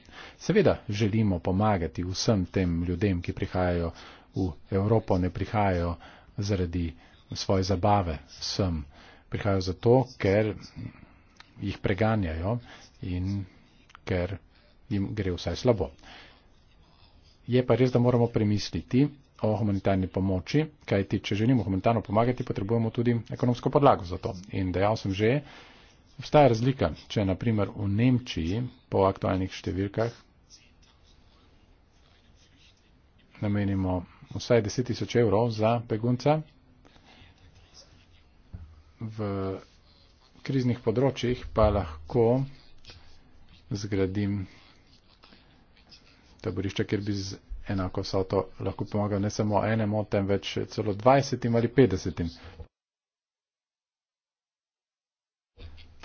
Seveda želimo pomagati vsem tem ljudem, ki prihajajo v Evropo, ne prihajajo zaradi svoje zabave sem. Prihajajo zato, ker jih preganjajo in ker jim gre vse slabo. Je pa res, da moramo premisliti o humanitarni pomoči, kajti če želimo humanitarno pomagati, potrebujemo tudi ekonomsko podlago za to. In dejal sem že, obstaja razlika, če naprimer v Nemčiji po aktualnih številkah namenimo vsaj 10 tisoč evrov za begunca, v kriznih področjih pa lahko zgradim taborišča, kjer bi z enako vsoto lahko pomagal ne samo enemu, temveč celo 20 ali 50.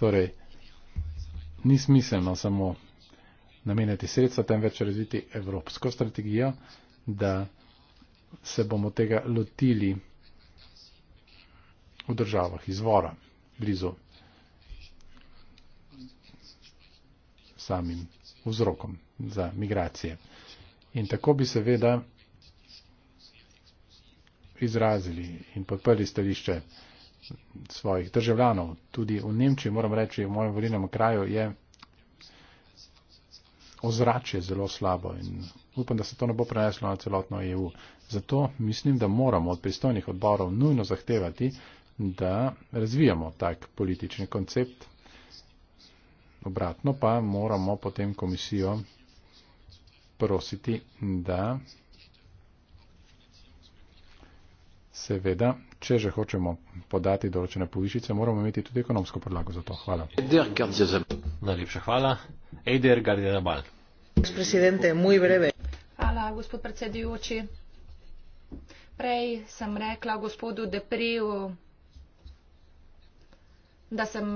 Torej, ni smiselno samo namenjati sredstva, temveč razviti evropsko strategijo, da se bomo tega lotili v državah izvora blizu samim vzrokom za migracije. In tako bi seveda izrazili in podprli stališče svojih državljanov. Tudi v Nemčiji, moram reči, v mojem volilnem kraju je ozračje zelo slabo in upam, da se to ne bo preneslo na celotno EU. Zato mislim, da moramo od pristojnih odborov nujno zahtevati, da razvijamo tak politični koncept Obratno pa moramo potem komisijo prositi, da seveda, če že hočemo podati določene povišice, moramo imeti tudi ekonomsko podlago za to. Hvala. Najlepša hvala. Eider Gardiazabal. Hvala, gospod predsedujoči. Prej sem rekla gospodu Depriju, da sem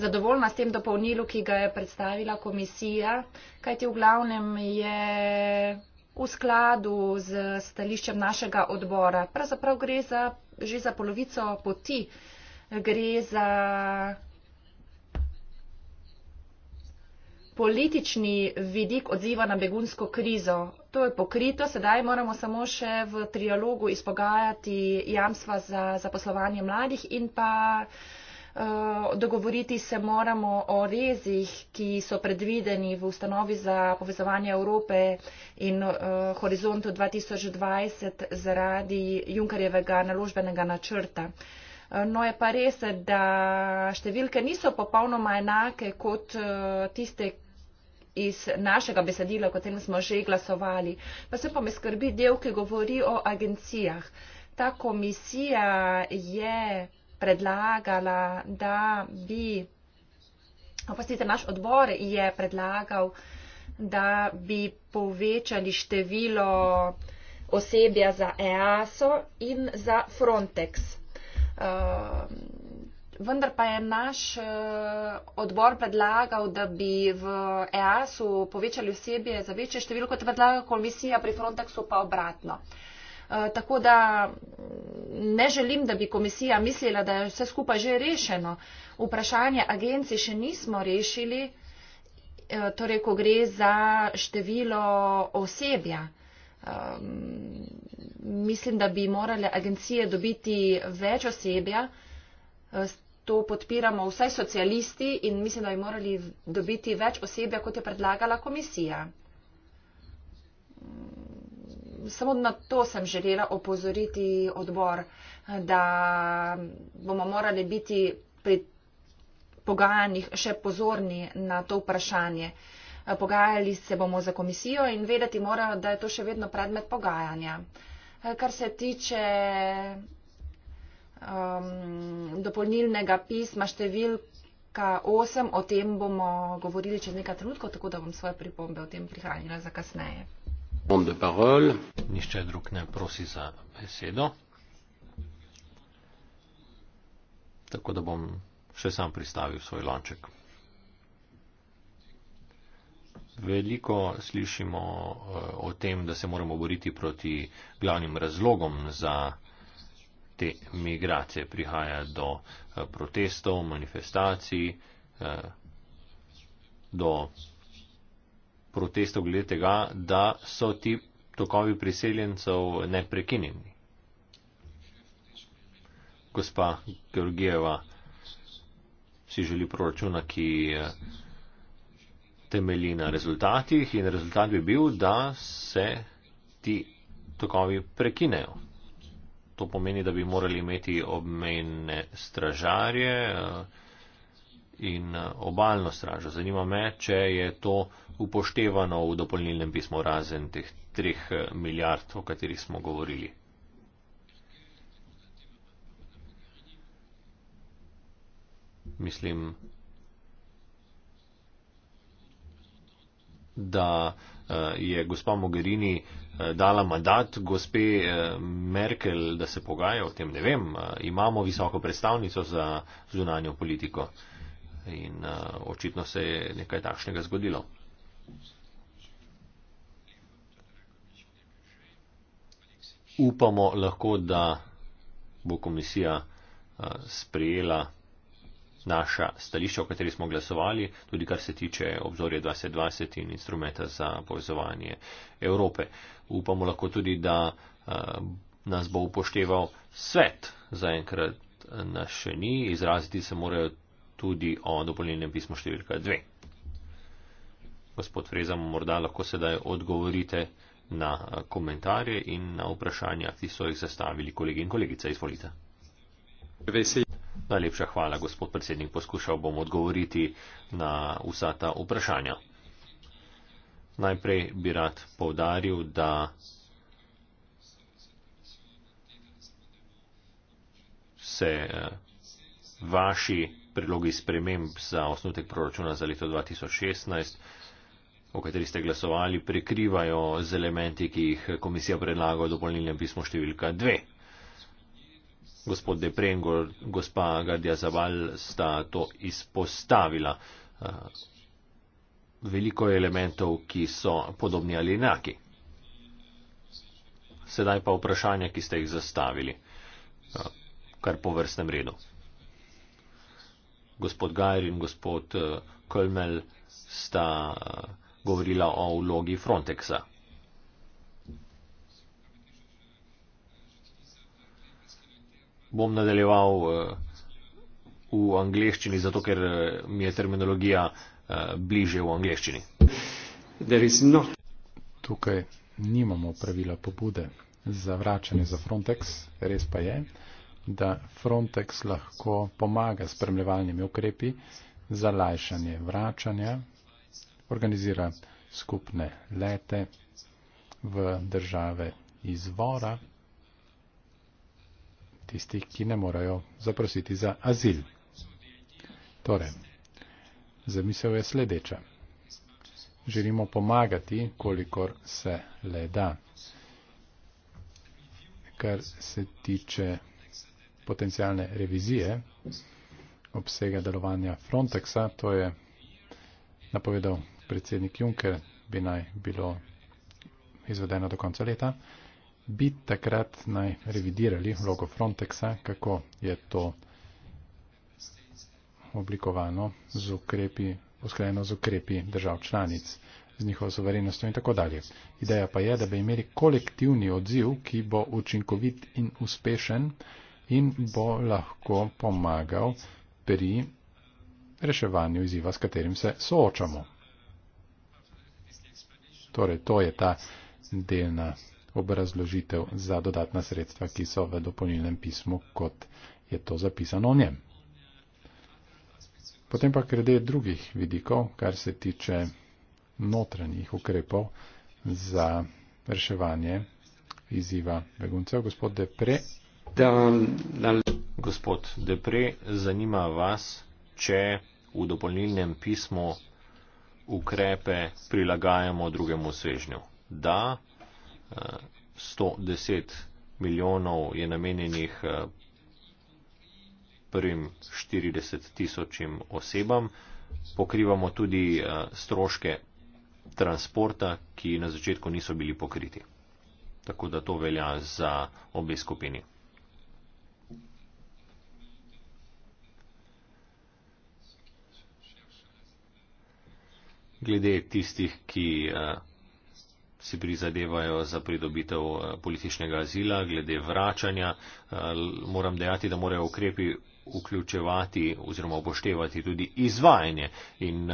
zadovoljna s tem dopolnilu, ki ga je predstavila komisija, kajti v glavnem je v skladu z stališčem našega odbora. Pravzaprav gre za, že za polovico poti, gre za politični vidik odziva na begunsko krizo. To je pokrito, sedaj moramo samo še v trialogu izpogajati jamstva za zaposlovanje mladih in pa Eh, dogovoriti se moramo o rezih, ki so predvideni v ustanovi za povezovanje Evrope in uh, horizontu 2020 zaradi Junkarjevega naložbenega načrta. Eh, no je pa res, da številke niso popolnoma enake kot uh, tiste, iz našega besedila, o katerem smo že glasovali. Pa se pa me skrbi del, ki govori o agencijah. Ta komisija je predlagala, da bi, oprostite, naš odbor je predlagal, da bi povečali število osebja za EASO in za Frontex. Uh, vendar pa je naš uh, odbor predlagal, da bi v EASO povečali osebje za večje število, kot predlaga komisija pri Frontexu, pa obratno. Eh, tako da ne želim da bi komisija mislila da je vse skupaj že rešeno vprašanje agencij še nismo rešili eh, torej ko gre za število osebja ehm, mislim da bi morale agencije dobiti več osebja eh, to podpiramo vsaj socialisti in mislim da bi morali dobiti več osebja kot je predlagala komisija samo na to sem želela opozoriti odbor, da bomo morali biti pri pogajanjih še pozorni na to vprašanje. Pogajali se bomo za komisijo in vedeti morajo, da je to še vedno predmet pogajanja. Kar se tiče um, dopolnilnega pisma številka 8, o tem bomo govorili čez nekaj trenutkov, tako da bom svoje pripombe o tem prihranila za kasneje. Nihče drug ne prosi za besedo. Tako da bom še sam pristavil svoj lonček. Veliko slišimo eh, o tem, da se moramo boriti proti glavnim razlogom za te migracije. Prihaja do eh, protestov, manifestacij, eh, do protestov glede tega, da so ti tokovi priseljencev neprekinjeni. Gospa Georgijeva si želi proračuna, ki eh, temelji na rezultatih in rezultat bi bil, da se ti tokovi prekinejo. To pomeni, da bi morali imeti obmejne stražarje, eh, in eh, obaljno stražo. Zanima me, če je to upoštevano v dopolnilnem pismu razen teh treh eh, milijard, o katerih smo govorili. Mislim, da eh, je gospa Mogherini dala mandat gospe Merkel, da se pogaja o tem. Ne vem, imamo visoko predstavnico za zunanjo politiko in uh, očitno se je nekaj takšnega zgodilo. Upamo lahko, da bo komisija uh, sprejela naša stališča, o kateri smo glasovali, tudi kar se tiče obzorje 2020 in instrumenta za povezovanje Evrope. Upamo lahko tudi, da uh, nas bo upošteval svet. Zaenkrat uh, nas še ni, izraziti se morajo tudi o dopolnjenem pismu številka 2. Gospod Freza, morda lahko sedaj odgovorite na eh, komentarje in na vprašanja, ki so jih zastavili kolegi in kolegica. Izvolite. Najlepša hvala, gospod predsednik. Poskušal bom odgovoriti na vsa ta vprašanja. Najprej bi rad povdaril, da se eh, vaši predlogi sprememb za osnutek proračuna za leto 2016, o kateri ste glasovali, prekrivajo z elementi, ki jih komisija predlaga v dopolnilnem pismu številka 2. Gospod Depren, gospa Gardia Zaval sta to izpostavila. Eh, veliko je elementov, ki so podobni ali enaki. Sedaj pa vprašanja, ki ste jih zastavili, eh, kar po vrstnem redu gospod Gajer in gospod eh, Kölmel sta eh, govorila o vlogi Frontexa. Bom nadaljeval eh, v angleščini, zato ker mi je terminologija bliže v angleščini. Not... Tukaj nimamo pravila pobude za vračanje za Frontex, res pa je, da Frontex lahko pomaga s premljevalnimi ukrepi za lajšanje vračanja, organizira skupne lete v države izvora tistih, ki ne morajo zaprositi za azil. Torej, zamisel je sledeča. Želimo pomagati, kolikor se le da. Kar se tiče potencijalne revizije obsega delovanja Frontexa. To je napovedal predsednik Juncker, bi naj bilo izvedeno do konca leta. Bi takrat naj revidirali vlogo Frontexa, kako je to oblikovano z ukrepi, usklajeno z ukrepi držav članic, z njihovo soverenostjo in tako dalje. Ideja pa je, da bi imeli kolektivni odziv, ki bo učinkovit in uspešen, in bo lahko pomagal pri reševanju izziva, s katerim se soočamo. Torej, to je ta delna obrazložitev za dodatna sredstva, ki so v dopolnilnem pismu, kot je to zapisano o njem. Potem pa krede drugih vidikov, kar se tiče notranjih ukrepov za reševanje izziva beguncev. Gospod Depre da nam. Gospod Depre, zanima vas, če v dopolnilnem pismu ukrepe prilagajamo drugemu svežnju. Da, 110 eh, milijonov je namenjenih eh, prvim 40 tisočim osebam. Pokrivamo tudi eh, stroške transporta, ki na začetku niso bili pokriti. Tako da to velja za obe skupini. glede tistih, ki eh, si prizadevajo za pridobitev eh, političnega azila, glede vračanja. Eh, moram dejati, da morajo ukrepi vključevati oziroma upoštevati tudi izvajanje. In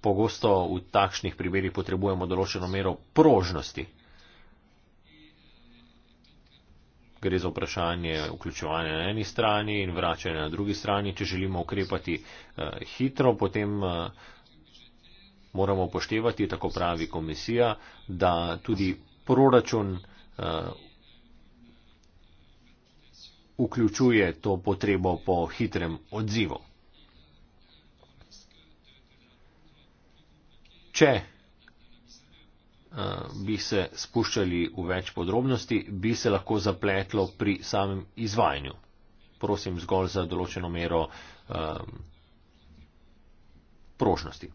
pogosto v takšnih primerih potrebujemo določeno mero prožnosti. Gre za vprašanje vključevanja na eni strani in vračanja na drugi strani. Če želimo ukrepati hitro, potem moramo upoštevati, tako pravi komisija, da tudi proračun uh, vključuje to potrebo po hitrem odzivu. Če eh, bi se spuščali v več podrobnosti, bi se lahko zapletlo pri samem izvajanju. Prosim zgolj za določeno mero um, prožnosti.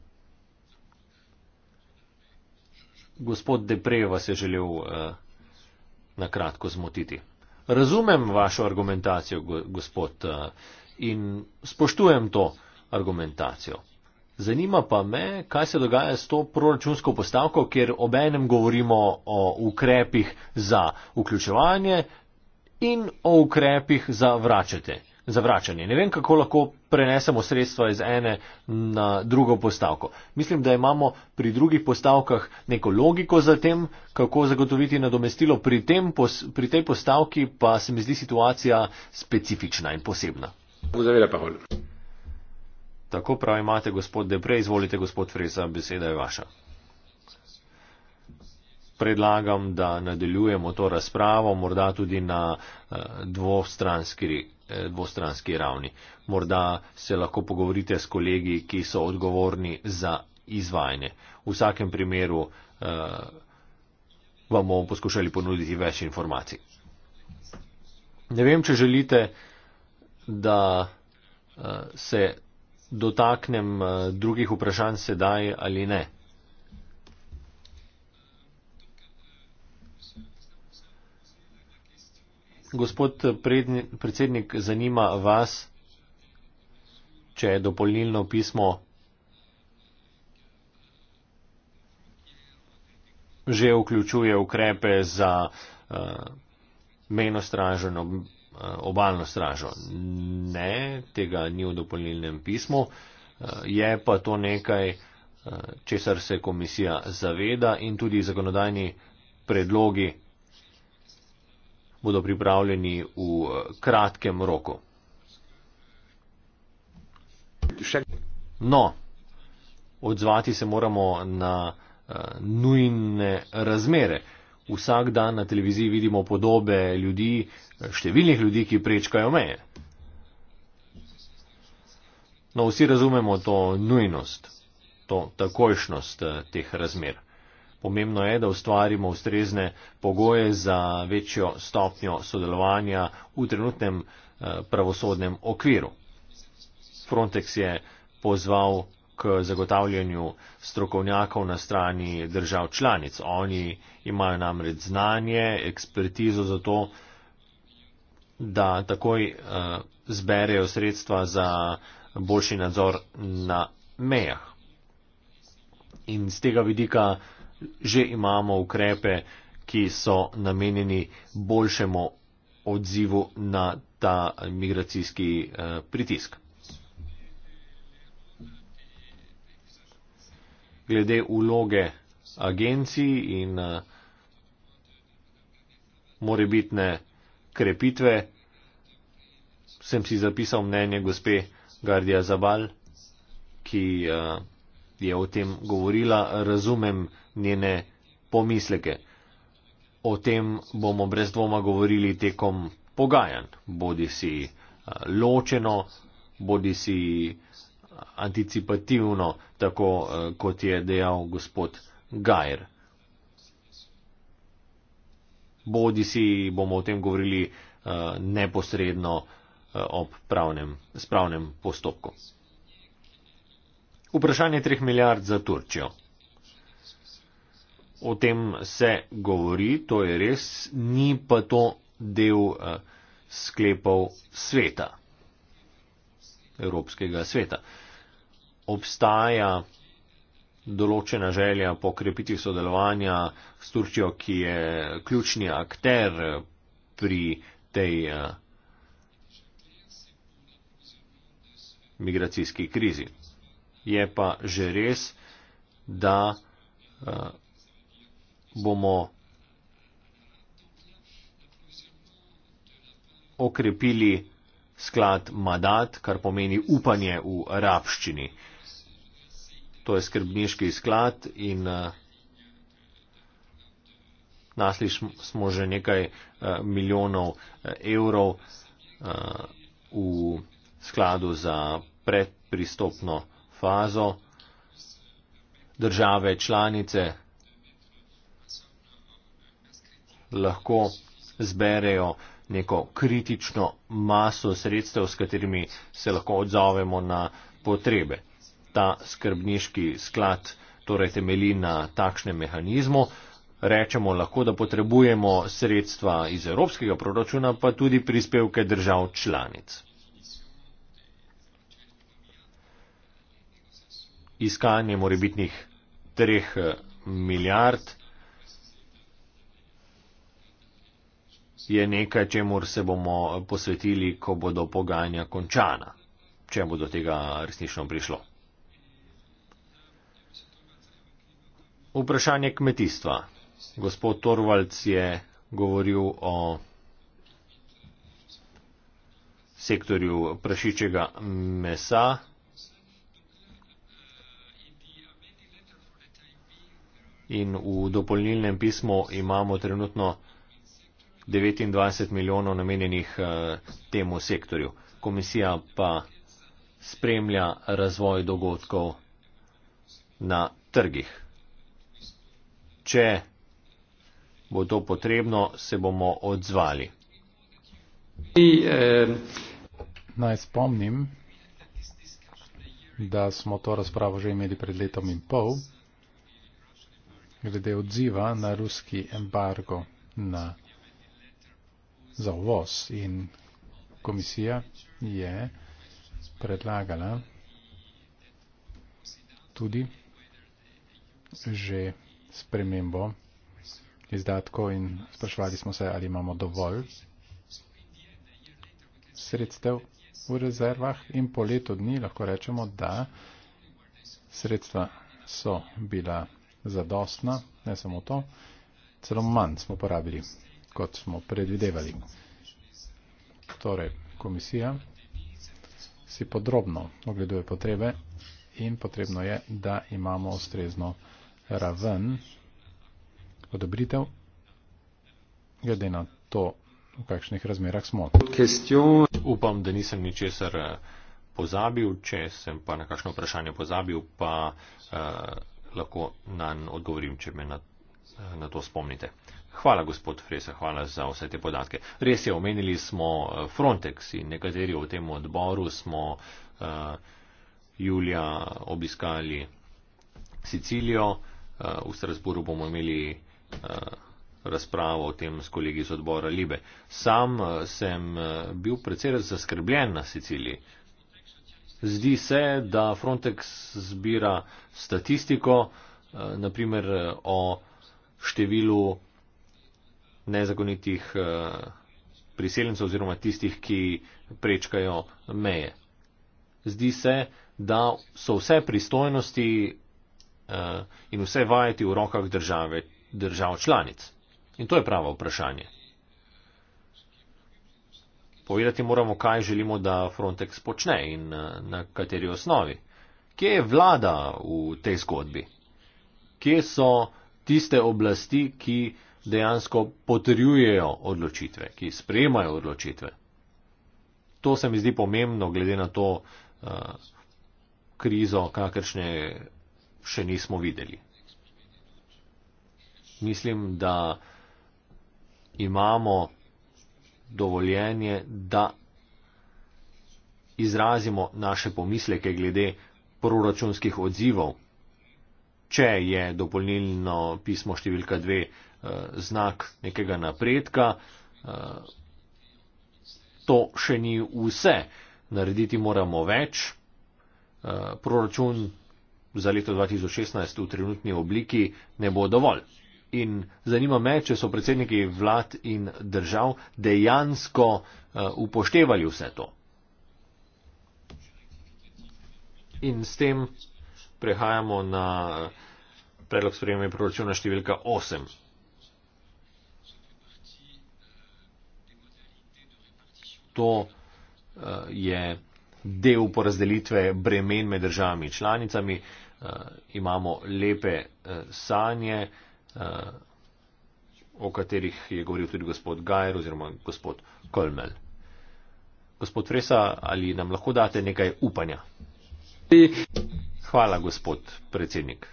Gospod Deprej vas je želel eh, na kratko zmotiti. Razumem vašo argumentacijo, gospod, eh, in spoštujem to argumentacijo. Zanima pa me, kaj se dogaja s to proračunsko postavko, ker obenem govorimo o ukrepih za vključevanje in o ukrepih za vračanje zavračanje. Ne vem, kako lahko prenesemo sredstva iz ene na drugo postavko. Mislim, da imamo pri drugih postavkah neko logiko za tem, kako zagotoviti nadomestilo, pri, tem, pri tej postavki pa se mi zdi situacija specifična in posebna. Tako prav imate, gospod Debre, izvolite, gospod Freza, beseda je vaša. Predlagam, da nadaljujemo to razpravo, morda tudi na eh, dvostranski Eh, dvostranski ravni. Morda se lahko pogovorite s kolegi, ki so odgovorni za izvajanje. V vsakem primeru eh, vam bomo poskušali ponuditi več informacij. Ne vem, če želite, da eh, se dotaknem eh, drugih vprašanj sedaj ali ne. Gospod predsednik, zanima vas, če je dopolnilno pismo že vključuje ukrepe za uh, mejno stražo, eh, obalno stražo. Ne, tega ni v dopolnilnem pismu. Uh, je pa to nekaj, uh, česar se komisija zaveda in tudi zakonodajni predlogi bodo pripravljeni v eh, kratkem roku. No, odzvati se moramo na uh, nujne razmere. Vsak dan na televiziji vidimo podobe ljudi, eh, številnih ljudi, ki prečkajo meje. No, vsi razumemo to nujnost, to takojšnost teh razmer. Pomembno je, da ustvarimo ustrezne pogoje za večjo stopnjo sodelovanja v trenutnem eh, pravosodnem okviru. Frontex je pozval k zagotavljanju strokovnjakov na strani držav članic. Oni imajo namreč znanje, ekspertizo za to, da takoj eh, zberejo sredstva za boljši nadzor na mejah. In z tega vidika že imamo ukrepe, ki so namenjeni boljšemu odzivu na ta migracijski eh, pritisk. Glede uloge agencij in eh, morebitne krepitve, sem si zapisal mnenje gospe Gardija Zabal, ki uh, je o tem govorila, razumem njene pomisleke. O tem bomo brez dvoma govorili tekom pogajanj, bodi si eh, ločeno, bodi si eh, anticipativno, tako eh, kot je dejal gospod Gajer. Bodi si bomo o tem govorili neposredno ob pravnem, spravnem postopku. Vprašanje treh milijard za Turčijo. O tem se govori, to je res, ni pa to del eh, sklepov sveta, Evropskega sveta. Obstaja določena želja pokrepiti sodelovanja s Turčijo, ki je ključni akter eh, pri tej eh, migracijski krizi je pa že res, da eh, bomo okrepili sklad Madat, kar pomeni upanje v rabščini. To je skrbniški sklad in eh, nasli smo že nekaj eh, milijonov evrov v skladu za predpristopno pristopno fazo države članice lahko zberejo neko kritično maso sredstev, s katerimi se lahko odzovemo na potrebe. Ta skrbniški sklad torej temelji na takšnem mehanizmu. Rečemo lahko, da potrebujemo sredstva iz evropskega proračuna, pa tudi prispevke držav članic. iskanje morebitnih treh eh, milijard je nekaj, čemur se bomo posvetili, ko bodo pogajanja končana, če bo do tega resnično prišlo. Vprašanje kmetijstva. Gospod Torvalds je govoril o sektorju prašičega mesa. in v dopolnilnem pismu imamo trenutno 29 milijonov namenjenih eh, temu sektorju. Komisija pa spremlja razvoj dogodkov na trgih. Če bo to potrebno, se bomo odzvali. Naj spomnim, da smo to razpravo že imeli pred letom in pol glede odziva na ruski embargo na, za uvoz. In komisija je predlagala tudi že spremembo izdatkov in sprašvali smo se, ali imamo dovolj sredstev v rezervah in po letu dni lahko rečemo, da sredstva so bila zadostna, ne samo to, celo manj smo porabili, kot smo predvidevali. Torej, komisija si podrobno ogleduje potrebe in potrebno je, da imamo ustrezno raven odobritev, glede na to, v kakšnih razmerah smo. Upam, da nisem ničesar eh, pozabil, če sem pa na kakšno vprašanje pozabil, pa uh, lahko na njo odgovorim, če me na, na to spomnite. Hvala, gospod Fresa, hvala za vse te podatke. Res je, omenili smo eh, Frontex in nekateri v tem odboru smo uh, julija obiskali Sicilijo. Uh, v Strasburu bomo imeli uh, razpravo o tem s kolegi iz odbora Libe. Sam uh, sem uh, bil precej zaskrbljen na Siciliji. Uh, Zdi se, da Frontex zbira statistiko, eh, naprimer eh, o številu nezakonitih eh, priseljencev oziroma tistih, ki prečkajo meje. Zdi se, da so vse pristojnosti in vse vajeti v rokah države, držav članic. In to je pravo vprašanje. Povedati moramo, kaj želimo, da Frontex počne in eh, na kateri osnovi. Kje je vlada v tej zgodbi? Kje so tiste oblasti, ki dejansko potrjujejo odločitve, ki sprejemajo odločitve? To se mi zdi pomembno, glede na to uh, krizo, kakršne še nismo videli. Mislim, da imamo dovoljenje, da izrazimo naše pomisleke glede proračunskih odzivov. Če je dopolnilno pismo številka 2 eh, znak nekega napredka, eh, to še ni vse. Narediti moramo več. Eh, proračun za leto 2016 v trenutni obliki ne bo dovolj in zanima me, če so predsedniki vlad in držav dejansko eh, upoštevali vse to. In s tem prehajamo na eh, predlog sprejeme proračuna številka 8. To eh, je del porazdelitve bremen med državami in članicami. Imamo lepe sanje, Eh, o katerih je govoril tudi gospod Gajer oziroma gospod Kolmel. Gospod Fresa, ali nam lahko date nekaj upanja? Hvala, gospod predsednik.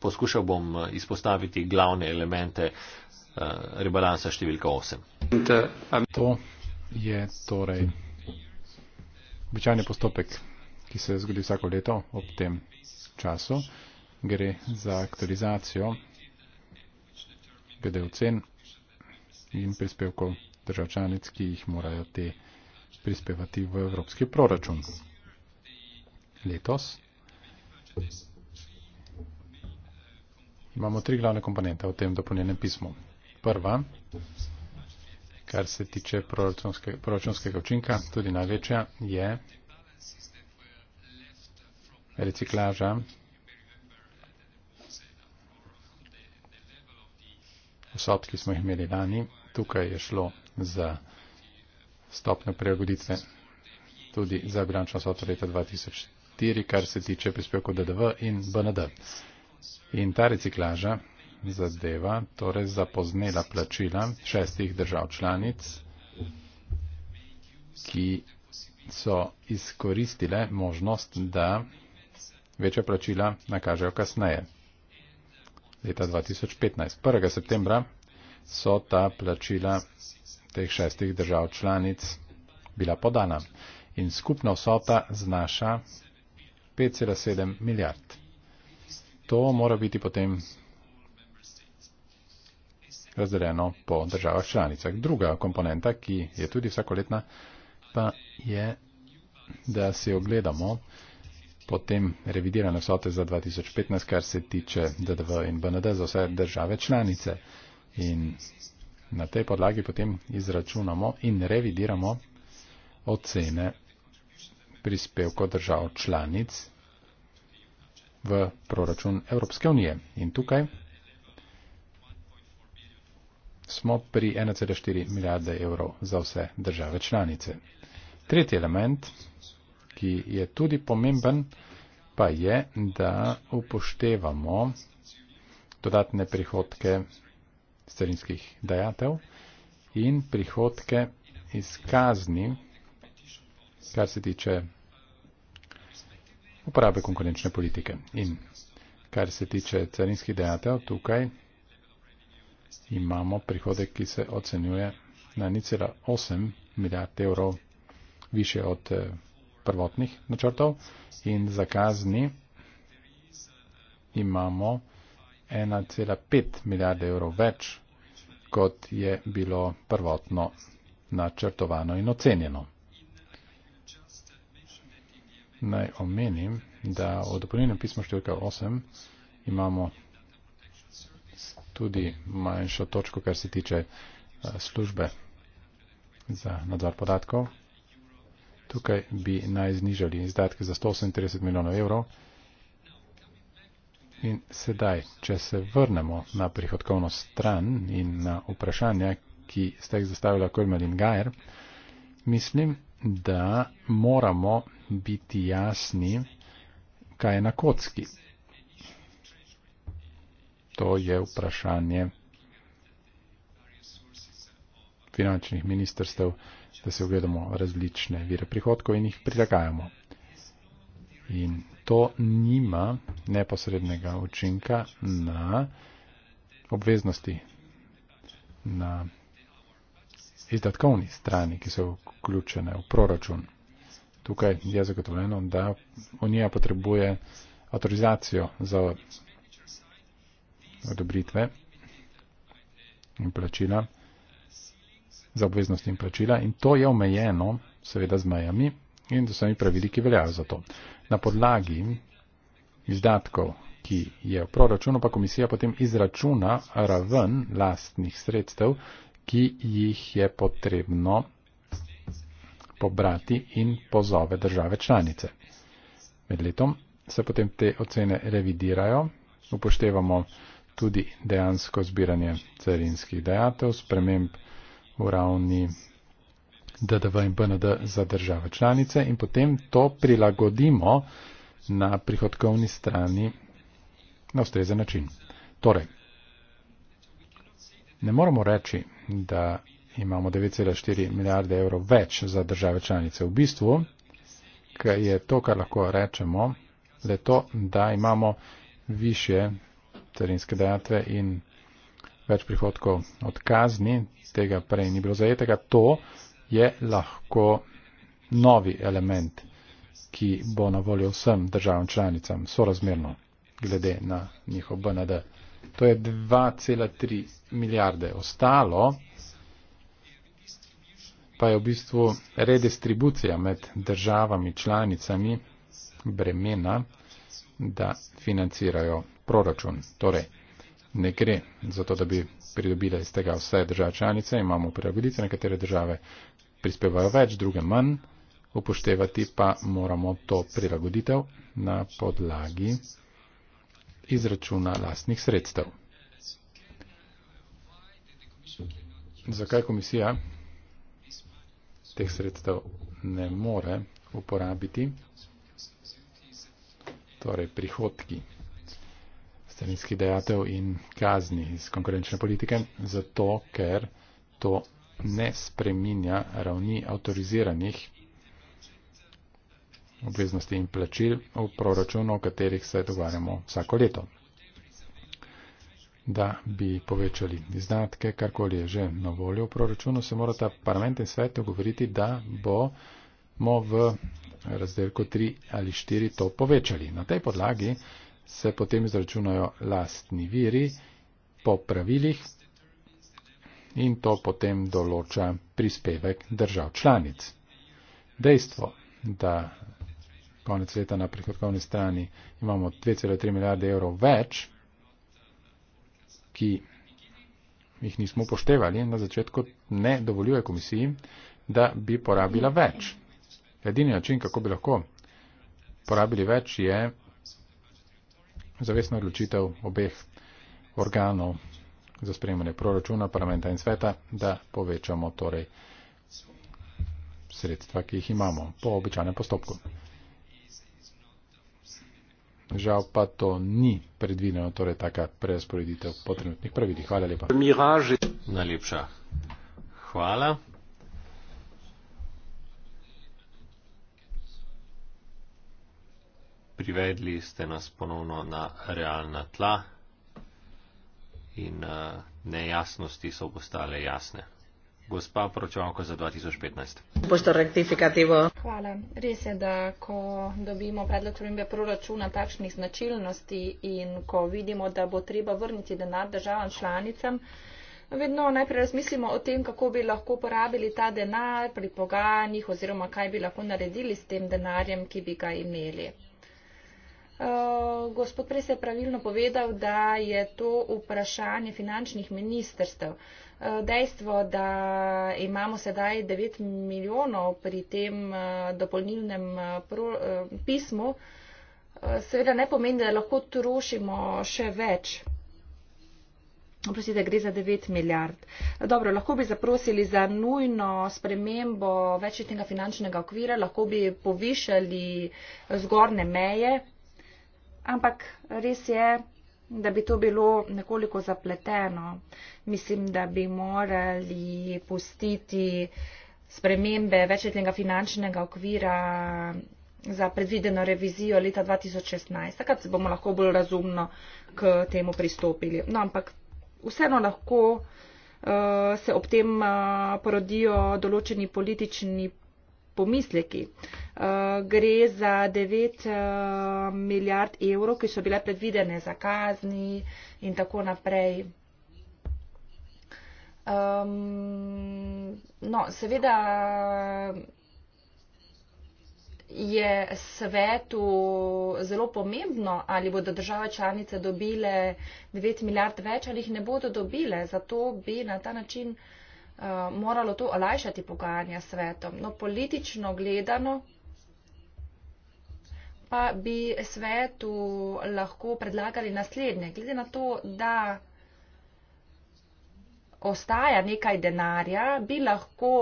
Poskušal bom eh, izpostaviti glavne elemente eh, rebalansa številka 8. To je torej običajni postopek, ki se zgodi vsako leto ob tem času gre za aktualizacijo glede ocen in prispevkov držav članic, ki jih morajo te prispevati v evropski proračun. Letos imamo tri glavne komponente v tem dopolnjenem pismu. Prva, kar se tiče proračunske, proračunskega učinka, tudi največja, je reciklaža sob, ki smo jih imeli lani, tukaj je šlo za stopno prilagoditve tudi za bilančno soto leta 2004, kar se tiče prispevkov DDV in BND. In ta reciklaža zadeva, torej za poznela plačila šestih držav članic, ki so izkoristile možnost, da večja plačila nakažejo kasneje leta 2015. 1. septembra so ta plačila teh šestih držav članic bila podana in skupna vsota znaša 5,7 milijard. To mora biti potem razdeljeno po državah članicah. Druga komponenta, ki je tudi vsakoletna, pa je, da si ogledamo, potem revidirane vsote za 2015, kar se tiče DDV in BND za vse države članice. In na tej podlagi potem izračunamo in revidiramo ocene prispevkov držav članic v proračun Evropske unije. In tukaj smo pri 1,4 milijarde evrov za vse države članice. Tretji element ki je tudi pomemben, pa je, da upoštevamo dodatne prihodke starinskih dajatev in prihodke iz kazni, kar se tiče uporabe konkurenčne politike. In kar se tiče carinskih dejatev, tukaj imamo prihodek, ki se ocenjuje na 0,8 milijard evrov više od eh, prvotnih načrtov in za kazni imamo 1,5 milijarde evrov več, kot je bilo prvotno načrtovano in ocenjeno. Naj omenim, da v dopolnjenem pismu številka 8 imamo tudi manjšo točko, kar se tiče eh, službe za nadzor podatkov, Tukaj bi naj znižali izdatke za 138 milijonov evrov. In sedaj, če se vrnemo na prihodkovno stran in na vprašanja, ki ste jih zastavila Kolmel in Gajer, mislim, da moramo biti jasni, kaj je na kocki. To je vprašanje finančnih ministrstev da se ogledamo različne vire prihodkov in jih prilagajamo. In to nima neposrednega učinka na obveznosti, na izdatkovni strani, ki so vključene v proračun. Tukaj je zagotovljeno, da Unija potrebuje avtorizacijo za odobritve in plačila za obveznosti in plačila in to je omejeno, seveda z majami in z vsemi pravili, ki veljajo za to. Na podlagi izdatkov, ki je v proračunu, pa komisija potem izračuna raven lastnih sredstev, ki jih je potrebno pobrati in pozove države članice. Med letom se potem te ocene revidirajo, upoštevamo tudi dejansko zbiranje carinskih dejatev, sprememb v ravni DDV in BND za države članice in potem to prilagodimo na prihodkovni strani na ustrezen način. Torej, ne moramo reči, da imamo 9,4 milijarde evrov več za države članice. V bistvu je to, kar lahko rečemo, le to, da imamo više carinske dejatve in več prihodkov od kazni, tega prej ni bilo zajetega, to je lahko novi element, ki bo na voljo vsem državam članicam sorazmerno glede na njihov BND. To je 2,3 milijarde. Ostalo pa je v bistvu redistribucija med državami članicami bremena, da financirajo proračun. Torej, ne gre za to, da bi pridobile iz tega vse države članice, imamo prilagoditi, nekatere države prispevajo več, druge manj, upoštevati pa moramo to prilagoditev na podlagi izračuna lastnih sredstev. Zakaj komisija teh sredstev ne more uporabiti? Torej prihodki carinskih dejatev in kazni iz konkurenčne politike, zato ker to ne spreminja ravni avtoriziranih obveznosti in plačil v proračunu, o katerih se dogovarjamo vsako leto. Da bi povečali izdatke, karkoli je že na voljo v proračunu, se morata parlament in svet dogovoriti, da bomo v razdelku 3 ali 4 to povečali. Na tej podlagi se potem izračunajo lastni viri po pravilih in to potem določa prispevek držav članic. Dejstvo, da konec leta na prihodkovni strani imamo 2,3 milijarde evrov več, ki jih nismo upoštevali na začetku, ne dovoljuje komisiji, da bi porabila več. Edini način, kako bi lahko porabili več, je zavestna odločitev obeh organov za spremljanje proračuna, parlamenta in sveta, da povečamo torej sredstva, ki jih imamo po običajnem postopku. Žal pa to ni predvideno, torej taka preusporeditev po trenutnih pravilih. Hvala lepa. Najlepša hvala. privedli ste nas ponovno na realna tla in eh, nejasnosti so postale jasne. Gospa poročevalka za 2015. Pošto rektifikativo. Hvala. Res je, da ko dobimo predlog spremembe proračuna takšnih značilnosti in ko vidimo, da bo treba vrniti denar državam članicam, vedno najprej razmislimo o tem, kako bi lahko porabili ta denar pri pogajanjih oziroma kaj bi lahko naredili s tem denarjem, ki bi ga imeli. Eh, gospod Prese je pravilno povedal, da je to vprašanje finančnih ministrstev. Eh, dejstvo, da imamo sedaj 9 milijonov pri tem eh, dopolnilnem pro, pismu, seveda ne pomeni, da lahko trošimo še več. Oprostite, gre za 9 milijard. Dobro, lahko bi zaprosili za nujno spremembo večletnega finančnega okvira, lahko bi povišali zgorne meje ampak res je, da bi to bilo nekoliko zapleteno. Mislim, da bi morali pustiti spremembe večletnega finančnega okvira za predvideno revizijo leta 2016. Takrat se bomo lahko bolj razumno k temu pristopili. No, ampak vseeno lahko uh, se ob tem uh, porodijo določeni politični pomisleki. Eh, gre za 9 eh, milijard evrov, ki so bile predvidene za kazni in tako naprej. No, seveda je svetu zelo pomembno, ali bodo države članice dobile 9 milijard več, ali jih ne bodo dobile. Zato bi na ta način. Eh, moralo to olajšati pogajanja s svetom. No, politično gledano pa bi svetu lahko predlagali naslednje. Glede na to, da ostaja nekaj denarja, bi lahko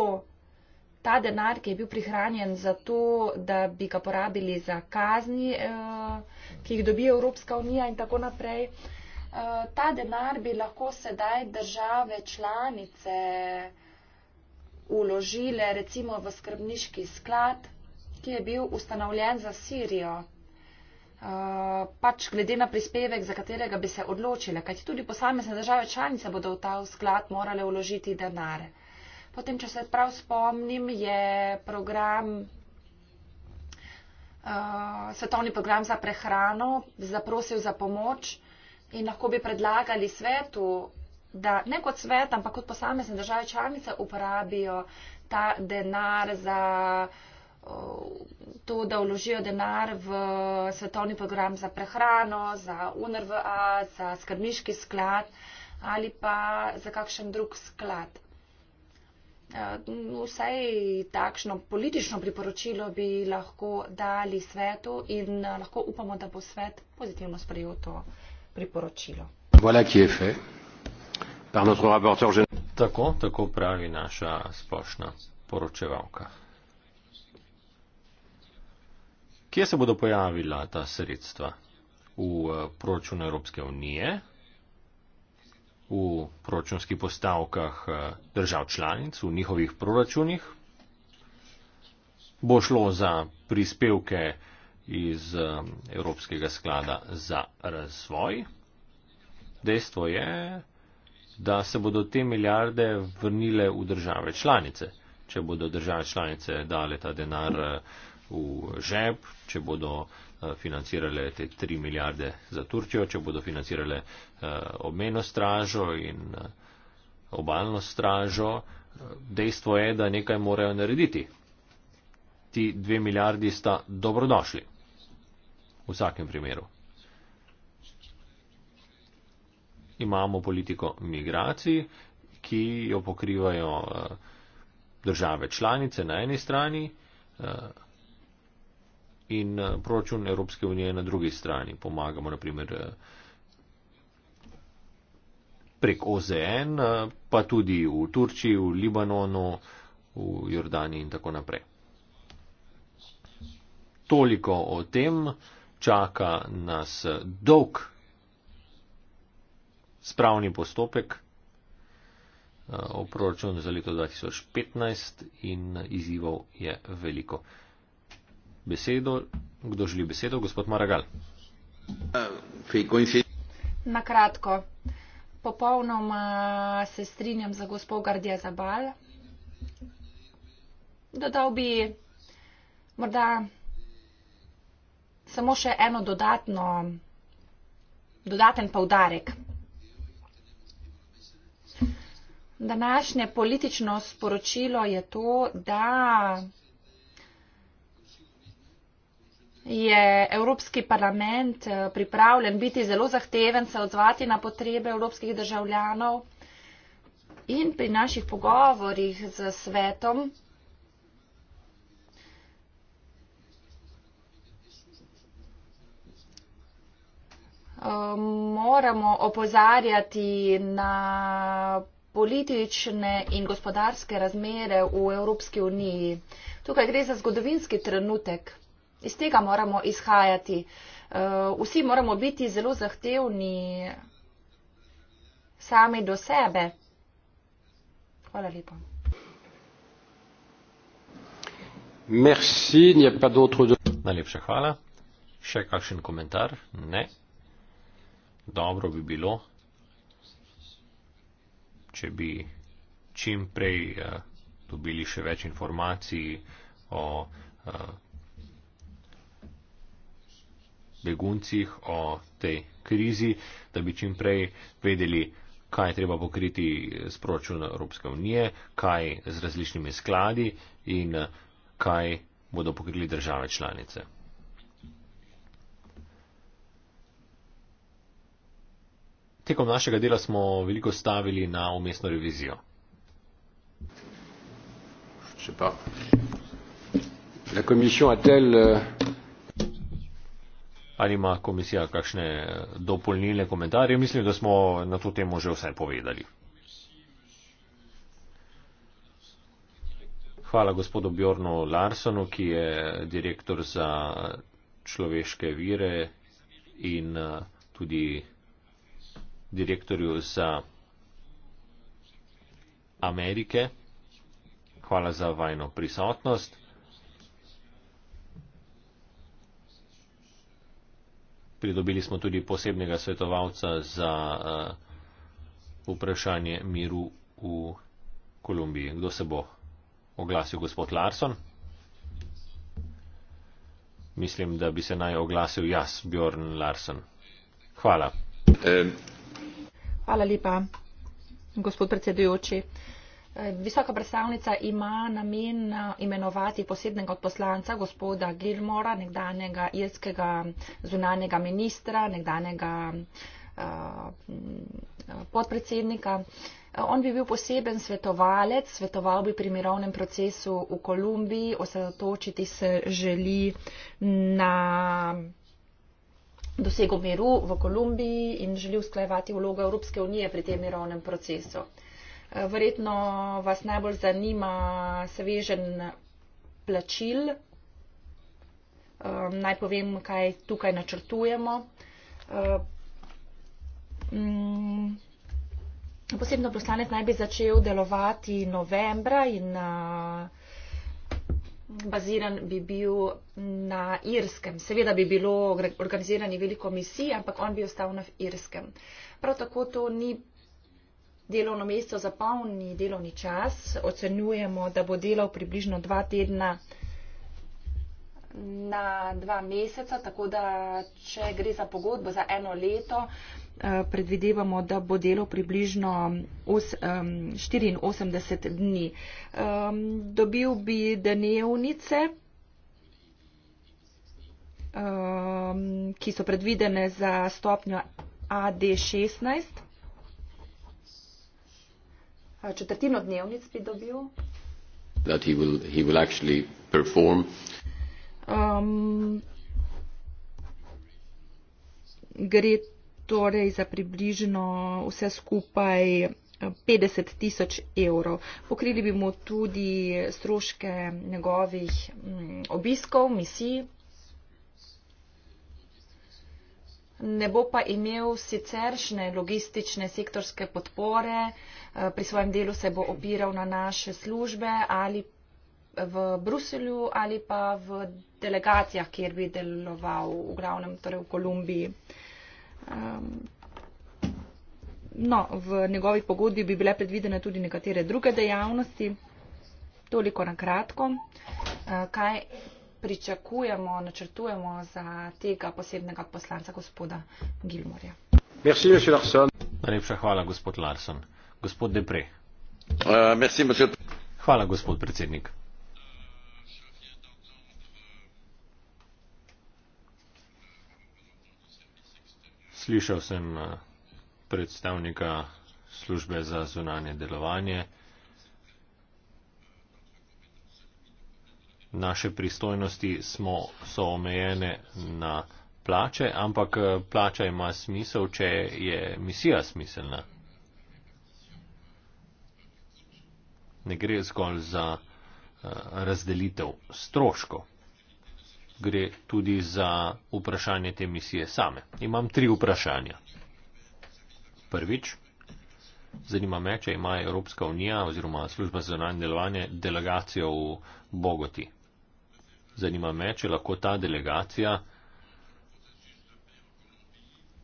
ta denar, ki je bil prihranjen za to, da bi ga porabili za kazni, eh, ki jih dobije Evropska unija in tako naprej, Eh, ta denar bi lahko sedaj države članice uložile recimo v skrbniški sklad, ki je bil ustanovljen za Sirijo. Uh, pač glede na prispevek, za katerega bi se odločile, kajti tudi posamezne države članice bodo v ta sklad morale uložiti denar. Potem, če se prav spomnim, je program, uh, svetovni program za prehrano zaprosil za pomoč in lahko bi predlagali svetu, da ne kot svet, ampak kot posamezne države članice uporabijo ta denar za to, da vložijo denar v svetovni program za prehrano, za UNRWA, za skrbniški sklad ali pa za kakšen drug sklad. E, vsaj takšno politično priporočilo bi lahko dali svetu in e, lahko upamo, da bo svet pozitivno sprejel to priporočilo. Tako, tako pravi naša splošna poročevalka. Kje se bodo pojavila ta sredstva? V eh, proračunu Evropske unije, v proračunskih postavkah eh, držav članic, v njihovih proračunih? Bo šlo za prispevke iz um, Evropskega sklada za razvoj. Dejstvo je, da se bodo te milijarde vrnile v države članice. Če bodo države članice dale ta denar uh, v žep, če bodo uh, financirale te 3 milijarde za Turčijo, če bodo financirale uh, obmejno stražo in obalno stražo, dejstvo je, da nekaj morajo narediti. Ti 2 milijardi sta dobrodošli v vsakem primeru. Imamo politiko migracij, ki jo pokrivajo eh, države članice na eni strani eh, in eh, proračun Evropske unije na drugi strani. Pomagamo naprimer prek OZN, pa tudi v Turčiji, v Libanonu, v Jordani in tako naprej. Toliko o tem čaka nas dolg spravni postopek eh, o proračunu za leto 2015 in izzivov je veliko. Besedo, kdo želi besedo, gospod Maragal. Na kratko, popolnoma se strinjam za gospod Gardija Zabal. Dodal bi morda samo še eno dodatno, dodaten povdarek. Današnje politično sporočilo je to, da je Evropski parlament eh, pripravljen biti zelo zahteven, se odzvati na potrebe evropskih državljanov in pri naših pogovorjih z svetom moramo opozarjati na politične in gospodarske razmere v Evropski uniji. Tukaj gre za zgodovinski trenutek. Iz tega moramo izhajati. Eh, vsi moramo biti zelo zahtevni sami do sebe. Hvala lepo. Merci, Najlepša hvala. Še kakšen komentar? Ne dobro bi bilo, če bi čim prej eh, dobili še več informacij o eh, beguncih, o tej krizi, da bi čim prej vedeli, kaj je treba pokriti s proračunom Evropske unije, kaj z različnimi skladi in eh, kaj bodo pokrili države članice. Tekom našega dela smo veliko stavili na umestno revizijo. Euh, Ali ima komisija kakšne eh, dopolnilne komentarje? Mislim, da smo na to temo že vse povedali. Hvala gospodu Bjornu Larsonu, ki je direktor za človeške vire in eh, tudi direktorju za Amerike. Hvala za vajno prisotnost. Pridobili smo tudi posebnega svetovalca za eh, vprašanje miru v Kolumbiji. Kdo se bo oglasil? Gospod Larson? Mislim, da bi se naj oglasil jaz, Bjorn Larson. Hvala. Um. Hvala lepa, gospod predsedujoči. Eh, visoka predstavnica ima namen eh, imenovati posebnega odposlanca gospoda Gilmora, nekdanjega irskega zunanega ministra, nekdanjega eh, mm, podpredsednika. On bi bil poseben svetovalec, svetoval bi pri mirovnem procesu v Kolumbiji, osredotočiti se želi na dosego miru v Kolumbiji in želi usklajevati vlogo Evropske unije pri tem mirovnem procesu. Eh, verjetno vas najbolj zanima svežen plačil. Eh, naj povem, kaj tukaj načrtujemo. Eh, mm, posebno poslanec naj bi začel delovati novembra in baziran bi bil na Irskem. Seveda bi bilo organiziranje veliko misij, ampak on bi ostal na Irskem. Prav tako to ni delovno mesto za polni delovni čas. Ocenjujemo, da bo delal približno dva tedna na dva meseca, tako da če gre za pogodbo za eno leto, Eh, predvidevamo, da bo delo približno 84 dni. Dobil bi dnevnice, ki so predvidene za stopnjo AD16. Eh, četrtino dnevnic bi dobil. That he will, he will actually perform. Um, gre torej za približno vse skupaj 50 eh, tisoč evrov. Pokrili bi mu tudi stroške njegovih mm, obiskov, misij. Ne bo pa imel siceršne logistične sektorske podpore, eh, pri svojem delu se bo opiral na naše službe ali v Bruselju ali pa v delegacijah, kjer bi deloval v glavnem, torej v Kolumbiji. Um, no, v njegovi pogodbi bi bile predvidene tudi nekatere druge dejavnosti. Toliko na kratko. Uh, kaj pričakujemo, načrtujemo za tega posebnega poslanca gospoda Gilmorja? Merci, monsieur Larson. Najlepša hvala, gospod Larson. Gospod Depre. Uh, merci, monsieur... Hvala, gospod predsednik. Slišal sem eh, predstavnika službe za zunanje delovanje. Naše pristojnosti smo, so omejene na plače, ampak eh, plača ima smisel, če je misija smiselna. Ne gre zgolj za eh, razdelitev stroškov gre tudi za vprašanje te misije same. Imam tri vprašanja. Prvič, zanima me, če ima Evropska unija oziroma služba za zunanje delovanje delegacijo v Bogoti. Zanima me, če lahko ta delegacija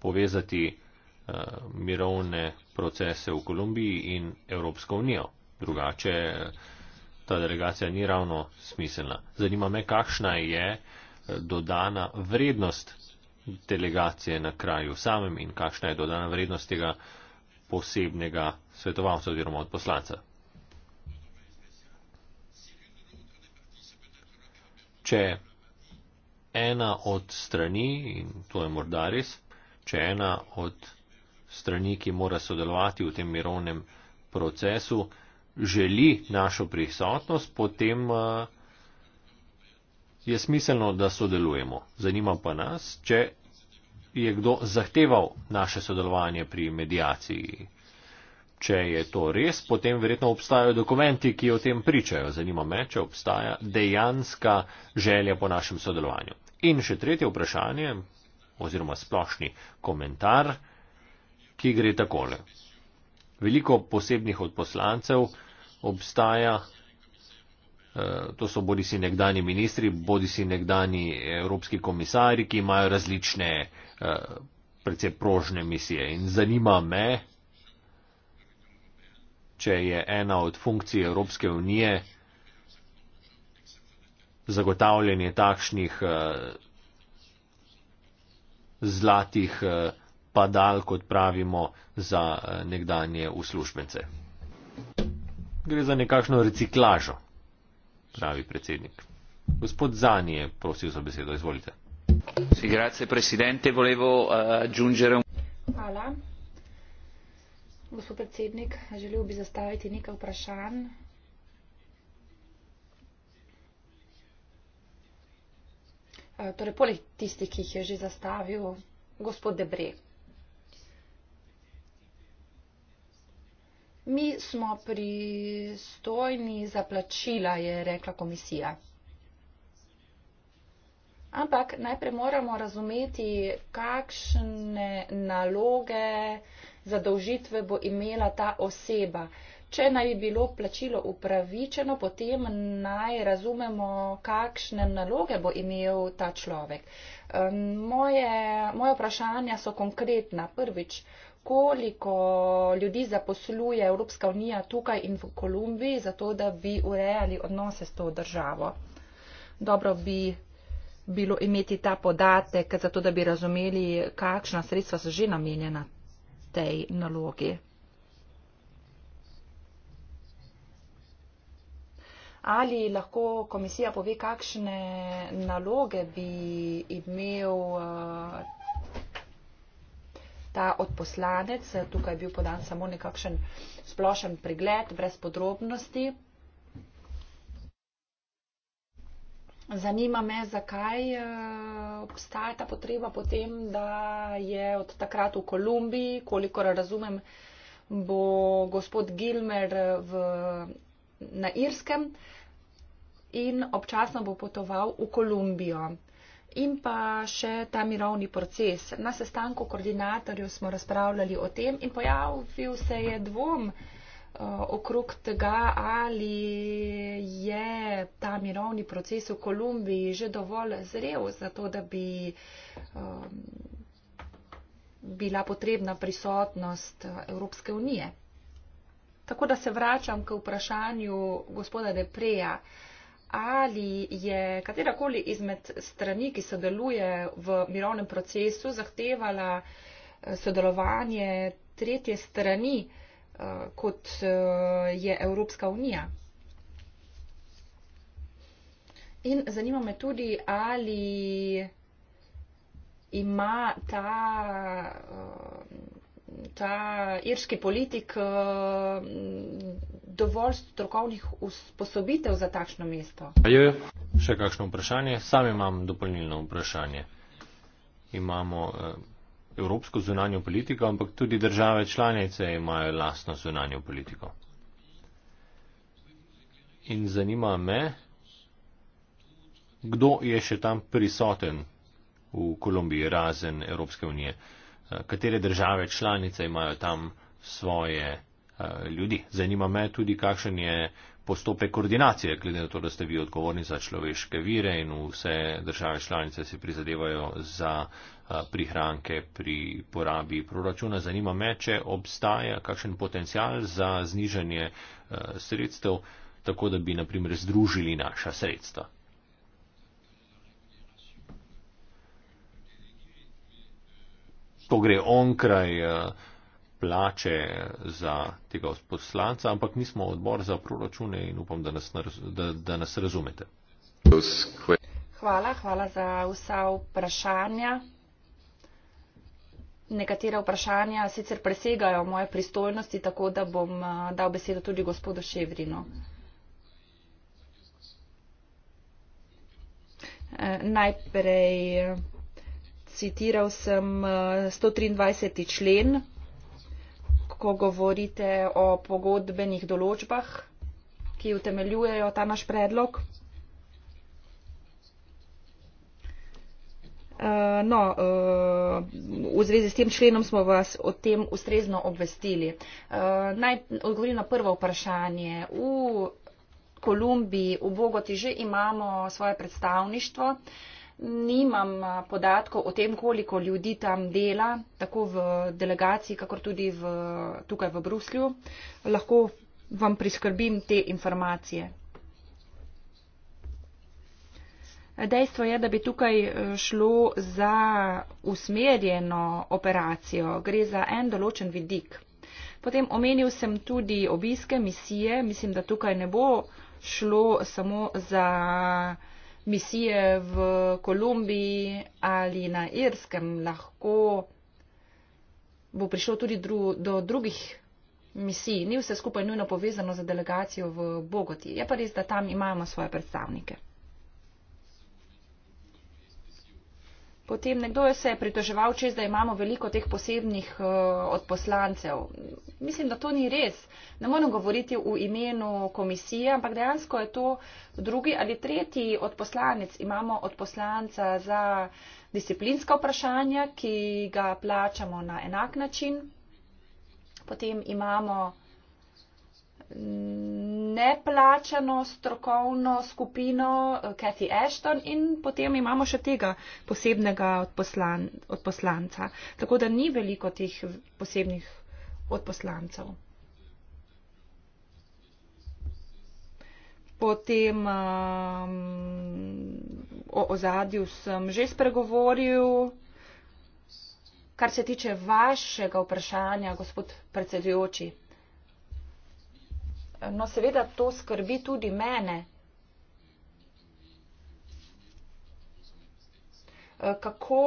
povezati uh, mirovne procese v Kolumbiji in Evropsko unijo. Drugače, eh, ta delegacija ni ravno smiselna. Zanima me, kakšna je uh, dodana vrednost delegacije na kraju samem in kakšna je dodana vrednost tega posebnega svetovalca oziroma odposlanca. Če ena od strani, in to je morda res, če ena od strani, ki mora sodelovati v tem mirovnem procesu, želi našo prisotnost, potem uh, je smiselno, da sodelujemo. Zanima pa nas, če je kdo zahteval naše sodelovanje pri medijaciji. Če je to res, potem verjetno obstajajo dokumenti, ki o tem pričajo. Zanima me, če obstaja dejanska želja po našem sodelovanju. In še tretje vprašanje, oziroma splošni komentar, ki gre takole. Veliko posebnih odposlancev obstaja Eh, to so bodi si nekdani ministri, bodi si nekdani evropski komisari, ki imajo različne, eh, predvsem prožne misije. In zanima me, če je ena od funkcij Evropske unije zagotavljanje takšnih eh, zlatih padal, kot pravimo, za nekdanje uslužbence. Gre za nekakšno reciklažo pravi predsednik. Gospod Zani je prosil za besedo, izvolite. Grazie, presidente, volevo eh, aggiungere. Hvala. Gospod predsednik, želel bi zastaviti nekaj vprašanj. Eh, torej, poleg tistih, ki jih je že zastavil gospod Debre. Mi smo pristojni za plačila, je rekla komisija. Ampak najprej moramo razumeti, kakšne naloge, zadolžitve bo imela ta oseba. Če naj bi bilo plačilo upravičeno, potem naj razumemo, kakšne naloge bo imel ta človek. Ehm, moje, moje vprašanja so konkretna. Prvič, koliko ljudi zaposluje Evropska unija tukaj in v Kolumbiji, zato da bi urejali odnose s to državo. Dobro bi bilo imeti ta podatek, zato da bi razumeli, kakšna sredstva so že namenjena tej nalogi. Ali lahko komisija pove, kakšne naloge bi imel eh, ta odposlanec, tukaj je bil podan samo nekakšen splošen pregled, brez podrobnosti. Zanima me, zakaj eh, obstaja ta potreba potem, da je od takrat v Kolumbiji, kolikor razumem, bo gospod Gilmer eh, v, na Irskem in občasno bo potoval v Kolumbijo in pa še ta mirovni proces. Na sestanku koordinatorju smo razpravljali o tem in pojavil se je dvom eh, okrog tega, ali je ta mirovni proces v Kolumbiji že dovolj zrel za to, da bi um, bila potrebna prisotnost eh, Evropske unije. Tako da se vračam k vprašanju gospoda Depreja. Uh, ali je katerakoli izmed strani, ki sodeluje v mirovnem procesu, zahtevala eh, sodelovanje tretje strani, eh, kot eh, je Evropska unija. In zanima me tudi, ali ima ta, ta irski politik dovolj strokovnih usposobitev za takšno mesto. Je še kakšno vprašanje? Sam imam dopolnilno vprašanje. Imamo eh, evropsko zunanjo politiko, ampak tudi države članice imajo lastno zunanjo politiko. In zanima me, kdo je še tam prisoten v Kolumbiji, razen Evropske unije. Eh, katere države članice imajo tam svoje Eh, ljudi. Zanima me tudi, kakšen je postopek koordinacije, glede na to, da ste vi odgovorni za človeške vire in vse države članice si prizadevajo za eh, prihranke pri porabi proračuna. Zanima me, če obstaja kakšen potencial za znižanje eh, sredstev, tako da bi, na primer, združili naša sredstva. To gre onkraj uh, plače za tega poslanca, ampak mi smo odbor za proračune in upam, da nas, da, da nas razumete. Hvala, hvala za vsa vprašanja. Nekatera vprašanja sicer presegajo moje pristojnosti, tako da bom eh, dal besedo tudi gospodu Ševrinu. Eh, najprej eh, citiral sem 123. člen lahko govorite o pogodbenih določbah, ki utemeljujejo ta naš predlog? Eh, no, eh, v zvezi s tem členom smo vas o tem ustrezno obvestili. Eh, naj odgovorim na prvo vprašanje. V Kolumbiji, v Bogoti že imamo svoje predstavništvo nimam eh, podatkov o tem, koliko ljudi tam dela, tako v delegaciji, kakor tudi v, tukaj v Bruslju. Lahko vam priskrbim te informacije. Dejstvo je, da bi tukaj eh, šlo za usmerjeno operacijo, gre za en določen vidik. Potem omenil sem tudi obiske, misije. Mislim, da tukaj ne bo šlo samo za misije v Kolumbiji ali na Irskem, lahko bo prišlo tudi dru, do drugih misij. Ni vse skupaj nujno povezano z delegacijo v Bogoti. Je pa res, da tam imamo svoje predstavnike. Potem nekdo je se pritoževal, čez, da imamo veliko teh posebnih uh, eh, odposlancev. Mislim, da to ni res. Ne moram govoriti v imenu komisije, ampak dejansko je to drugi ali tretji odposlanec. Imamo odposlanca za disciplinska vprašanja, ki ga plačamo na enak način. Potem imamo neplačano strokovno skupino eh, Cathy Ashton in potem imamo še tega posebnega odposlan, odposlanca. Tako da ni veliko teh posebnih odposlancev. Potem um, o ozadju sem že spregovoril. Kar se tiče vašega vprašanja, gospod predsedujoči. No, seveda to skrbi tudi mene. Eh, kako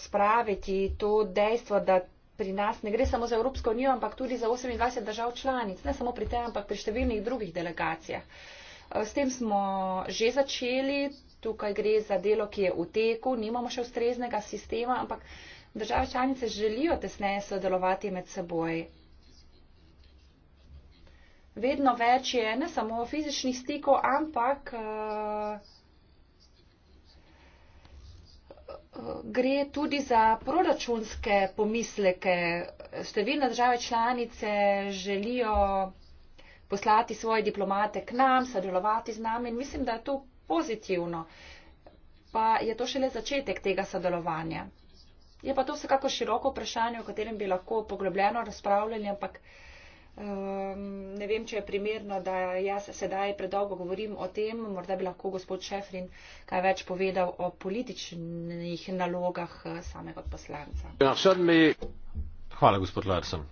spraviti to dejstvo, da pri nas ne gre samo za Evropsko unijo, ampak tudi za 28 držav članic, ne samo pri tem, ampak pri številnih drugih delegacijah. Eh, s tem smo že začeli, tukaj gre za delo, ki je v teku, nimamo še ustreznega sistema, ampak države članice želijo tesneje sodelovati med seboj vedno več je ne samo fizičnih stikov, ampak eh, gre tudi za proračunske pomisleke. Številne države članice želijo poslati svoje diplomate k nam, sodelovati z nami in mislim, da je to pozitivno. Pa je to šele začetek tega sodelovanja. Je pa to vsekako široko vprašanje, o katerem bi lahko poglobljeno razpravljali, ampak uh, Um, ne vem, če je primerno, da jaz sedaj predolgo govorim o tem, morda bi lahko gospod Šefrin kaj več povedal o političnih nalogah eh, samega poslanca. Hvala, gospod Larsen.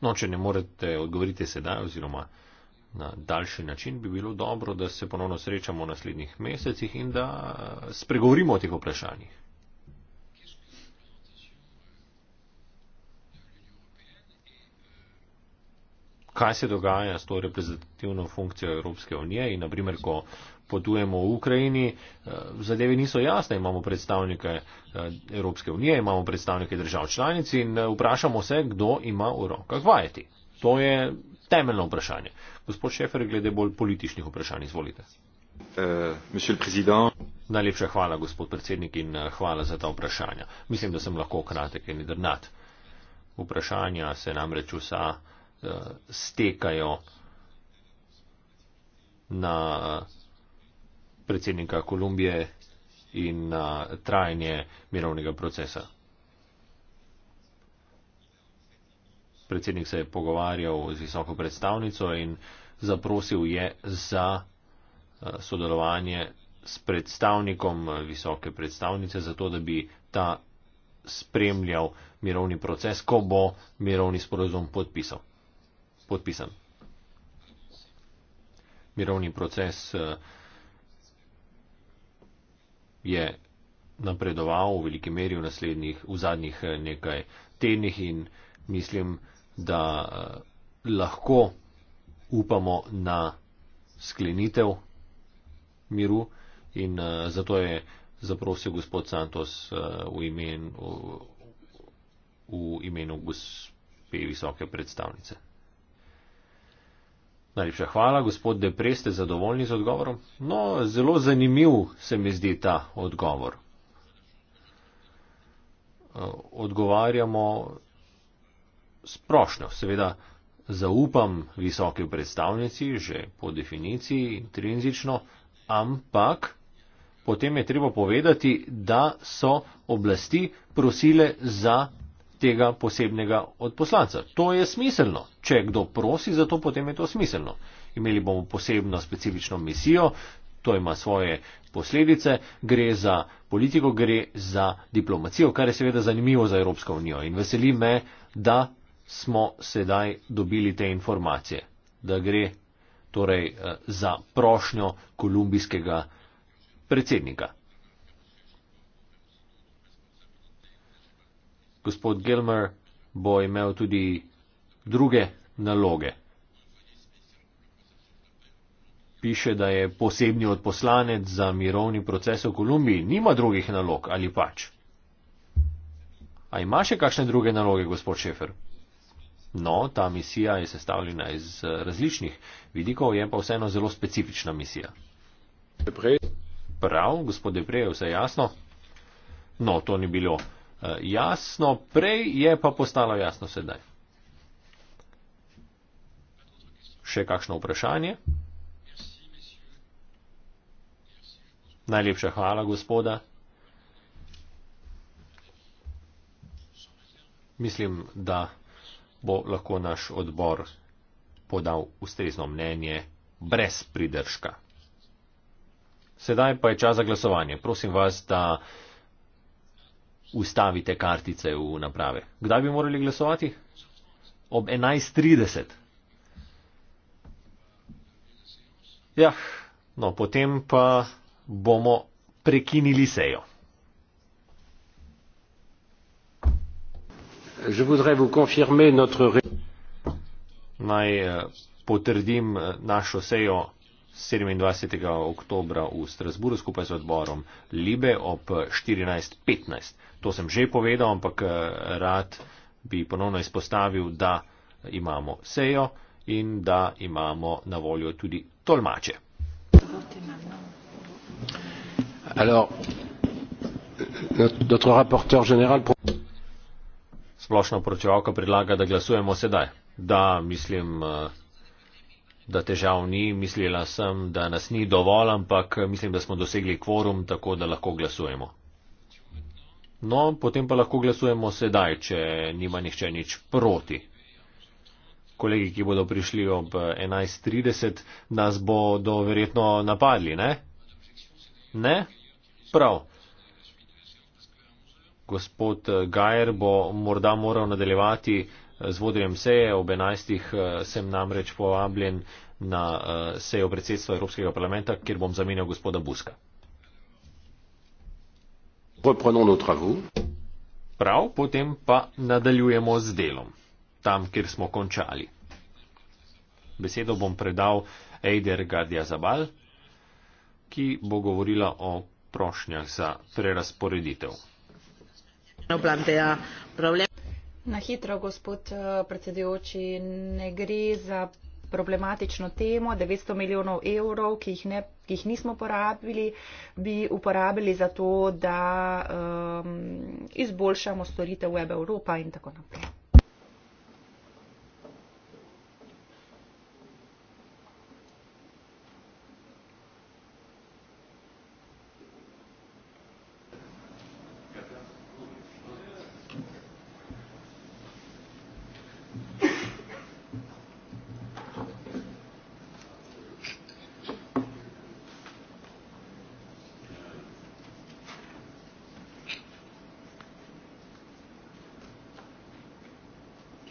No, če ne morete odgovoriti sedaj oziroma na daljši način, bi bilo dobro, da se ponovno srečamo v naslednjih mesecih in da eh, spregovorimo o teh vprašanjih. kaj se dogaja s to reprezentativno funkcijo Evropske unije in, naprimer, ko potujemo v Ukrajini, eh, zadeve niso jasne, imamo predstavnike eh, Evropske unije, imamo predstavnike držav članic in eh, vprašamo se, kdo ima v rokah vajeti. To je temeljno vprašanje. Gospod Šefer, glede bolj političnih vprašanj, izvolite. Uh, Najlepša hvala, gospod predsednik, in hvala za ta vprašanja. Mislim, da sem lahko kratek in drnat. Vprašanja se namreč vsa. Eh, stekajo na predsednika Kolumbije in na trajanje mirovnega procesa. Predsednik se je pogovarjal z visoko predstavnico in zaprosil je za eh, sodelovanje s predstavnikom eh, visoke predstavnice, zato da bi ta spremljal mirovni proces, ko bo mirovni sporozum podpisal podpisam. Mirovni proces eh, je napredoval v veliki meri v, v zadnjih eh, nekaj tednih in mislim, da eh, lahko upamo na sklenitev miru in zato je zaprosil gospod Santos v, imen, v, v imenu gospe visoke predstavnice. Najlepša hvala, gospod Depre, ste zadovoljni z odgovorom? No, zelo zanimiv se mi zdi ta odgovor. E, odgovarjamo sprošno, seveda zaupam visoki predstavnici, že po definiciji, intrinzično, ampak potem je treba povedati, da so oblasti prosile za tega posebnega odposlanca. To je smiselno. Če kdo prosi za to, potem je to smiselno. Imeli bomo posebno specifično misijo, to ima svoje posledice, gre za politiko, gre za diplomacijo, kar je seveda zanimivo za Evropsko unijo. In veseli me, da smo sedaj dobili te informacije, da gre torej eh, za prošnjo kolumbijskega predsednika. gospod Gilmer bo imel tudi druge naloge. Piše, da je posebni odposlanec za mirovni proces v Kolumbiji, nima drugih nalog ali pač. A ima še kakšne druge naloge, gospod Šefer? No, ta misija je sestavljena iz eh, različnih vidikov, je pa vseeno zelo specifična misija. Prav, gospod Depre, je vse jasno? No, to ni bilo. Eh, jasno, prej je pa postalo jasno sedaj. Še kakšno vprašanje? Najlepša hvala, gospoda. Mislim, da bo lahko naš odbor podal ustrezno mnenje brez pridržka. Sedaj pa je čas za glasovanje. Prosim vas, da ustavite kartice v naprave. Kdaj bi morali glasovati? Ob 11.30. Jah, no potem pa bomo prekinili sejo. Naj eh, potrdim eh, našo sejo. 27. oktobra v Strasburu skupaj z odborom Libe ob 14.15. To sem že povedal, ampak eh, rad bi ponovno izpostavil, da imamo sejo in da imamo na voljo tudi tolmače. Splošno poročevalka predlaga, da glasujemo sedaj. Da, mislim. Uh, da težav ni, mislila sem, da nas ni dovolj, ampak mislim, da smo dosegli kvorum, tako da lahko glasujemo. No, potem pa lahko glasujemo sedaj, če nima nihče nič proti. Kolegi, ki bodo prišli ob 11.30, nas bodo verjetno napadli, ne? Ne? Prav. Gospod Gajer bo morda moral nadaljevati uh, z vodjem seje. Ob 11. Eh, sem namreč povabljen na eh, sejo predsedstva Evropskega parlamenta, kjer bom zamenjal gospoda Buska. Prav, potem pa nadaljujemo z delom, tam, kjer smo končali. Besedo bom predal Eider Gardia Zabal, ki bo govorila o prošnjah za prerasporeditev. No, Na hitro, gospod eh, predsedujoči, ne gre za problematično temo. 900 milijonov evrov, ki jih, ne, ki jih nismo porabili, bi uporabili za to, da um, izboljšamo storitev Web Evropa in tako naprej.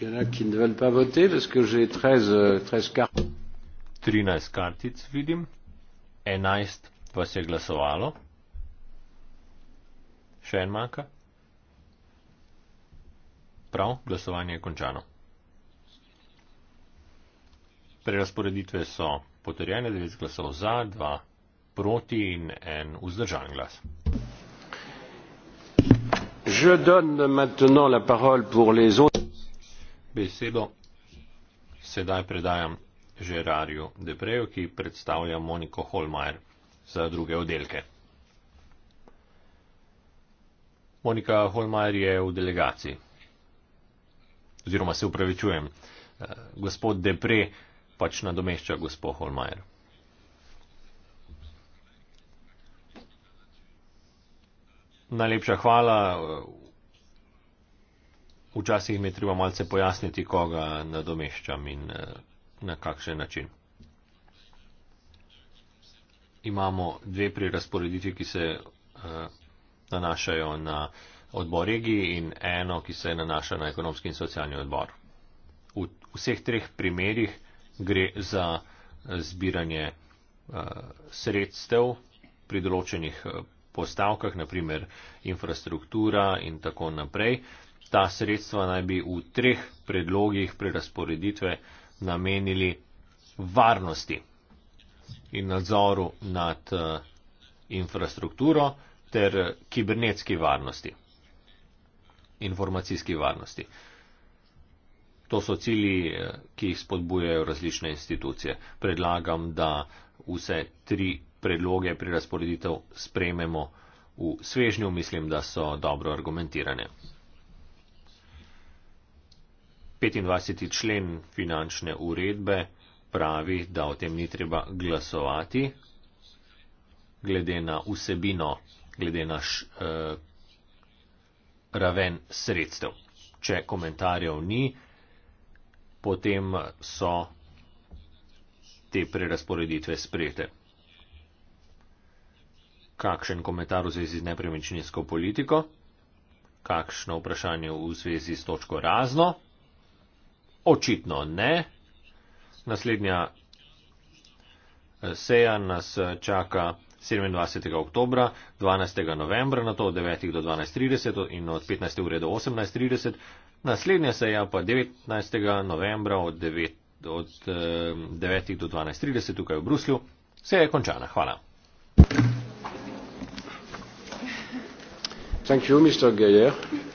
Il y en a qui ne veulent pas voter parce que j'ai 13, 13 euh, cartes. 13 kartic vidim, 11 vas je glasovalo, še en manjka. Prav, glasovanje je končano. Prerasporeditve so potrjene, 9 glasov za, 2 proti in en vzdržan glas. Je donne maintenant la parole pour les autres. Besedo sedaj predajam Žerarju Depreju, ki predstavlja Moniko Holmajer za druge oddelke. Monika Holmajer je v delegaciji. Oziroma se upravičujem, eh, gospod Depre pač nadomešča gospod Holmajer. Najlepša hvala eh, včasih mi je treba malce pojasniti, koga nadomeščam in eh, na kakšen način. Imamo dve pri razporeditvi, ki se eh, nanašajo na odbor regiji in eno, ki se nanaša na ekonomski in socialni odbor. V vseh treh primerjih gre za eh, zbiranje sredstev pri določenih postavkah, naprimer infrastruktura in tako naprej. Ta sredstva naj bi v treh predlogih prerasporeditve namenili varnosti in nadzoru nad eh, infrastrukturo ter kibernetski varnosti, informacijski varnosti. To so cilji, eh, ki jih spodbujajo različne institucije. Predlagam, da vse tri predloge prerasporeditev sprememo v svežnju, mislim, da so dobro argumentirane. 25. člen finančne uredbe pravi, da o tem ni treba glasovati, glede na vsebino, glede na š, eh, raven sredstev. Če komentarjev ni, potem so te prerasporeditve sprejete. Kakšen komentar v zvezi z nepremičninsko politiko? Kakšno vprašanje v zvezi s točko razno? očitno ne. Naslednja eh, seja nas eh, čaka 27. oktobra, 12. novembra, na to od 9. do 12.30 in od 15. ure do 18.30. Naslednja seja pa 19. novembra od 9. Od 9. Eh, do 12.30 tukaj v Bruslju. Vse je končano. Hvala. Thank you, Mr. Geyer.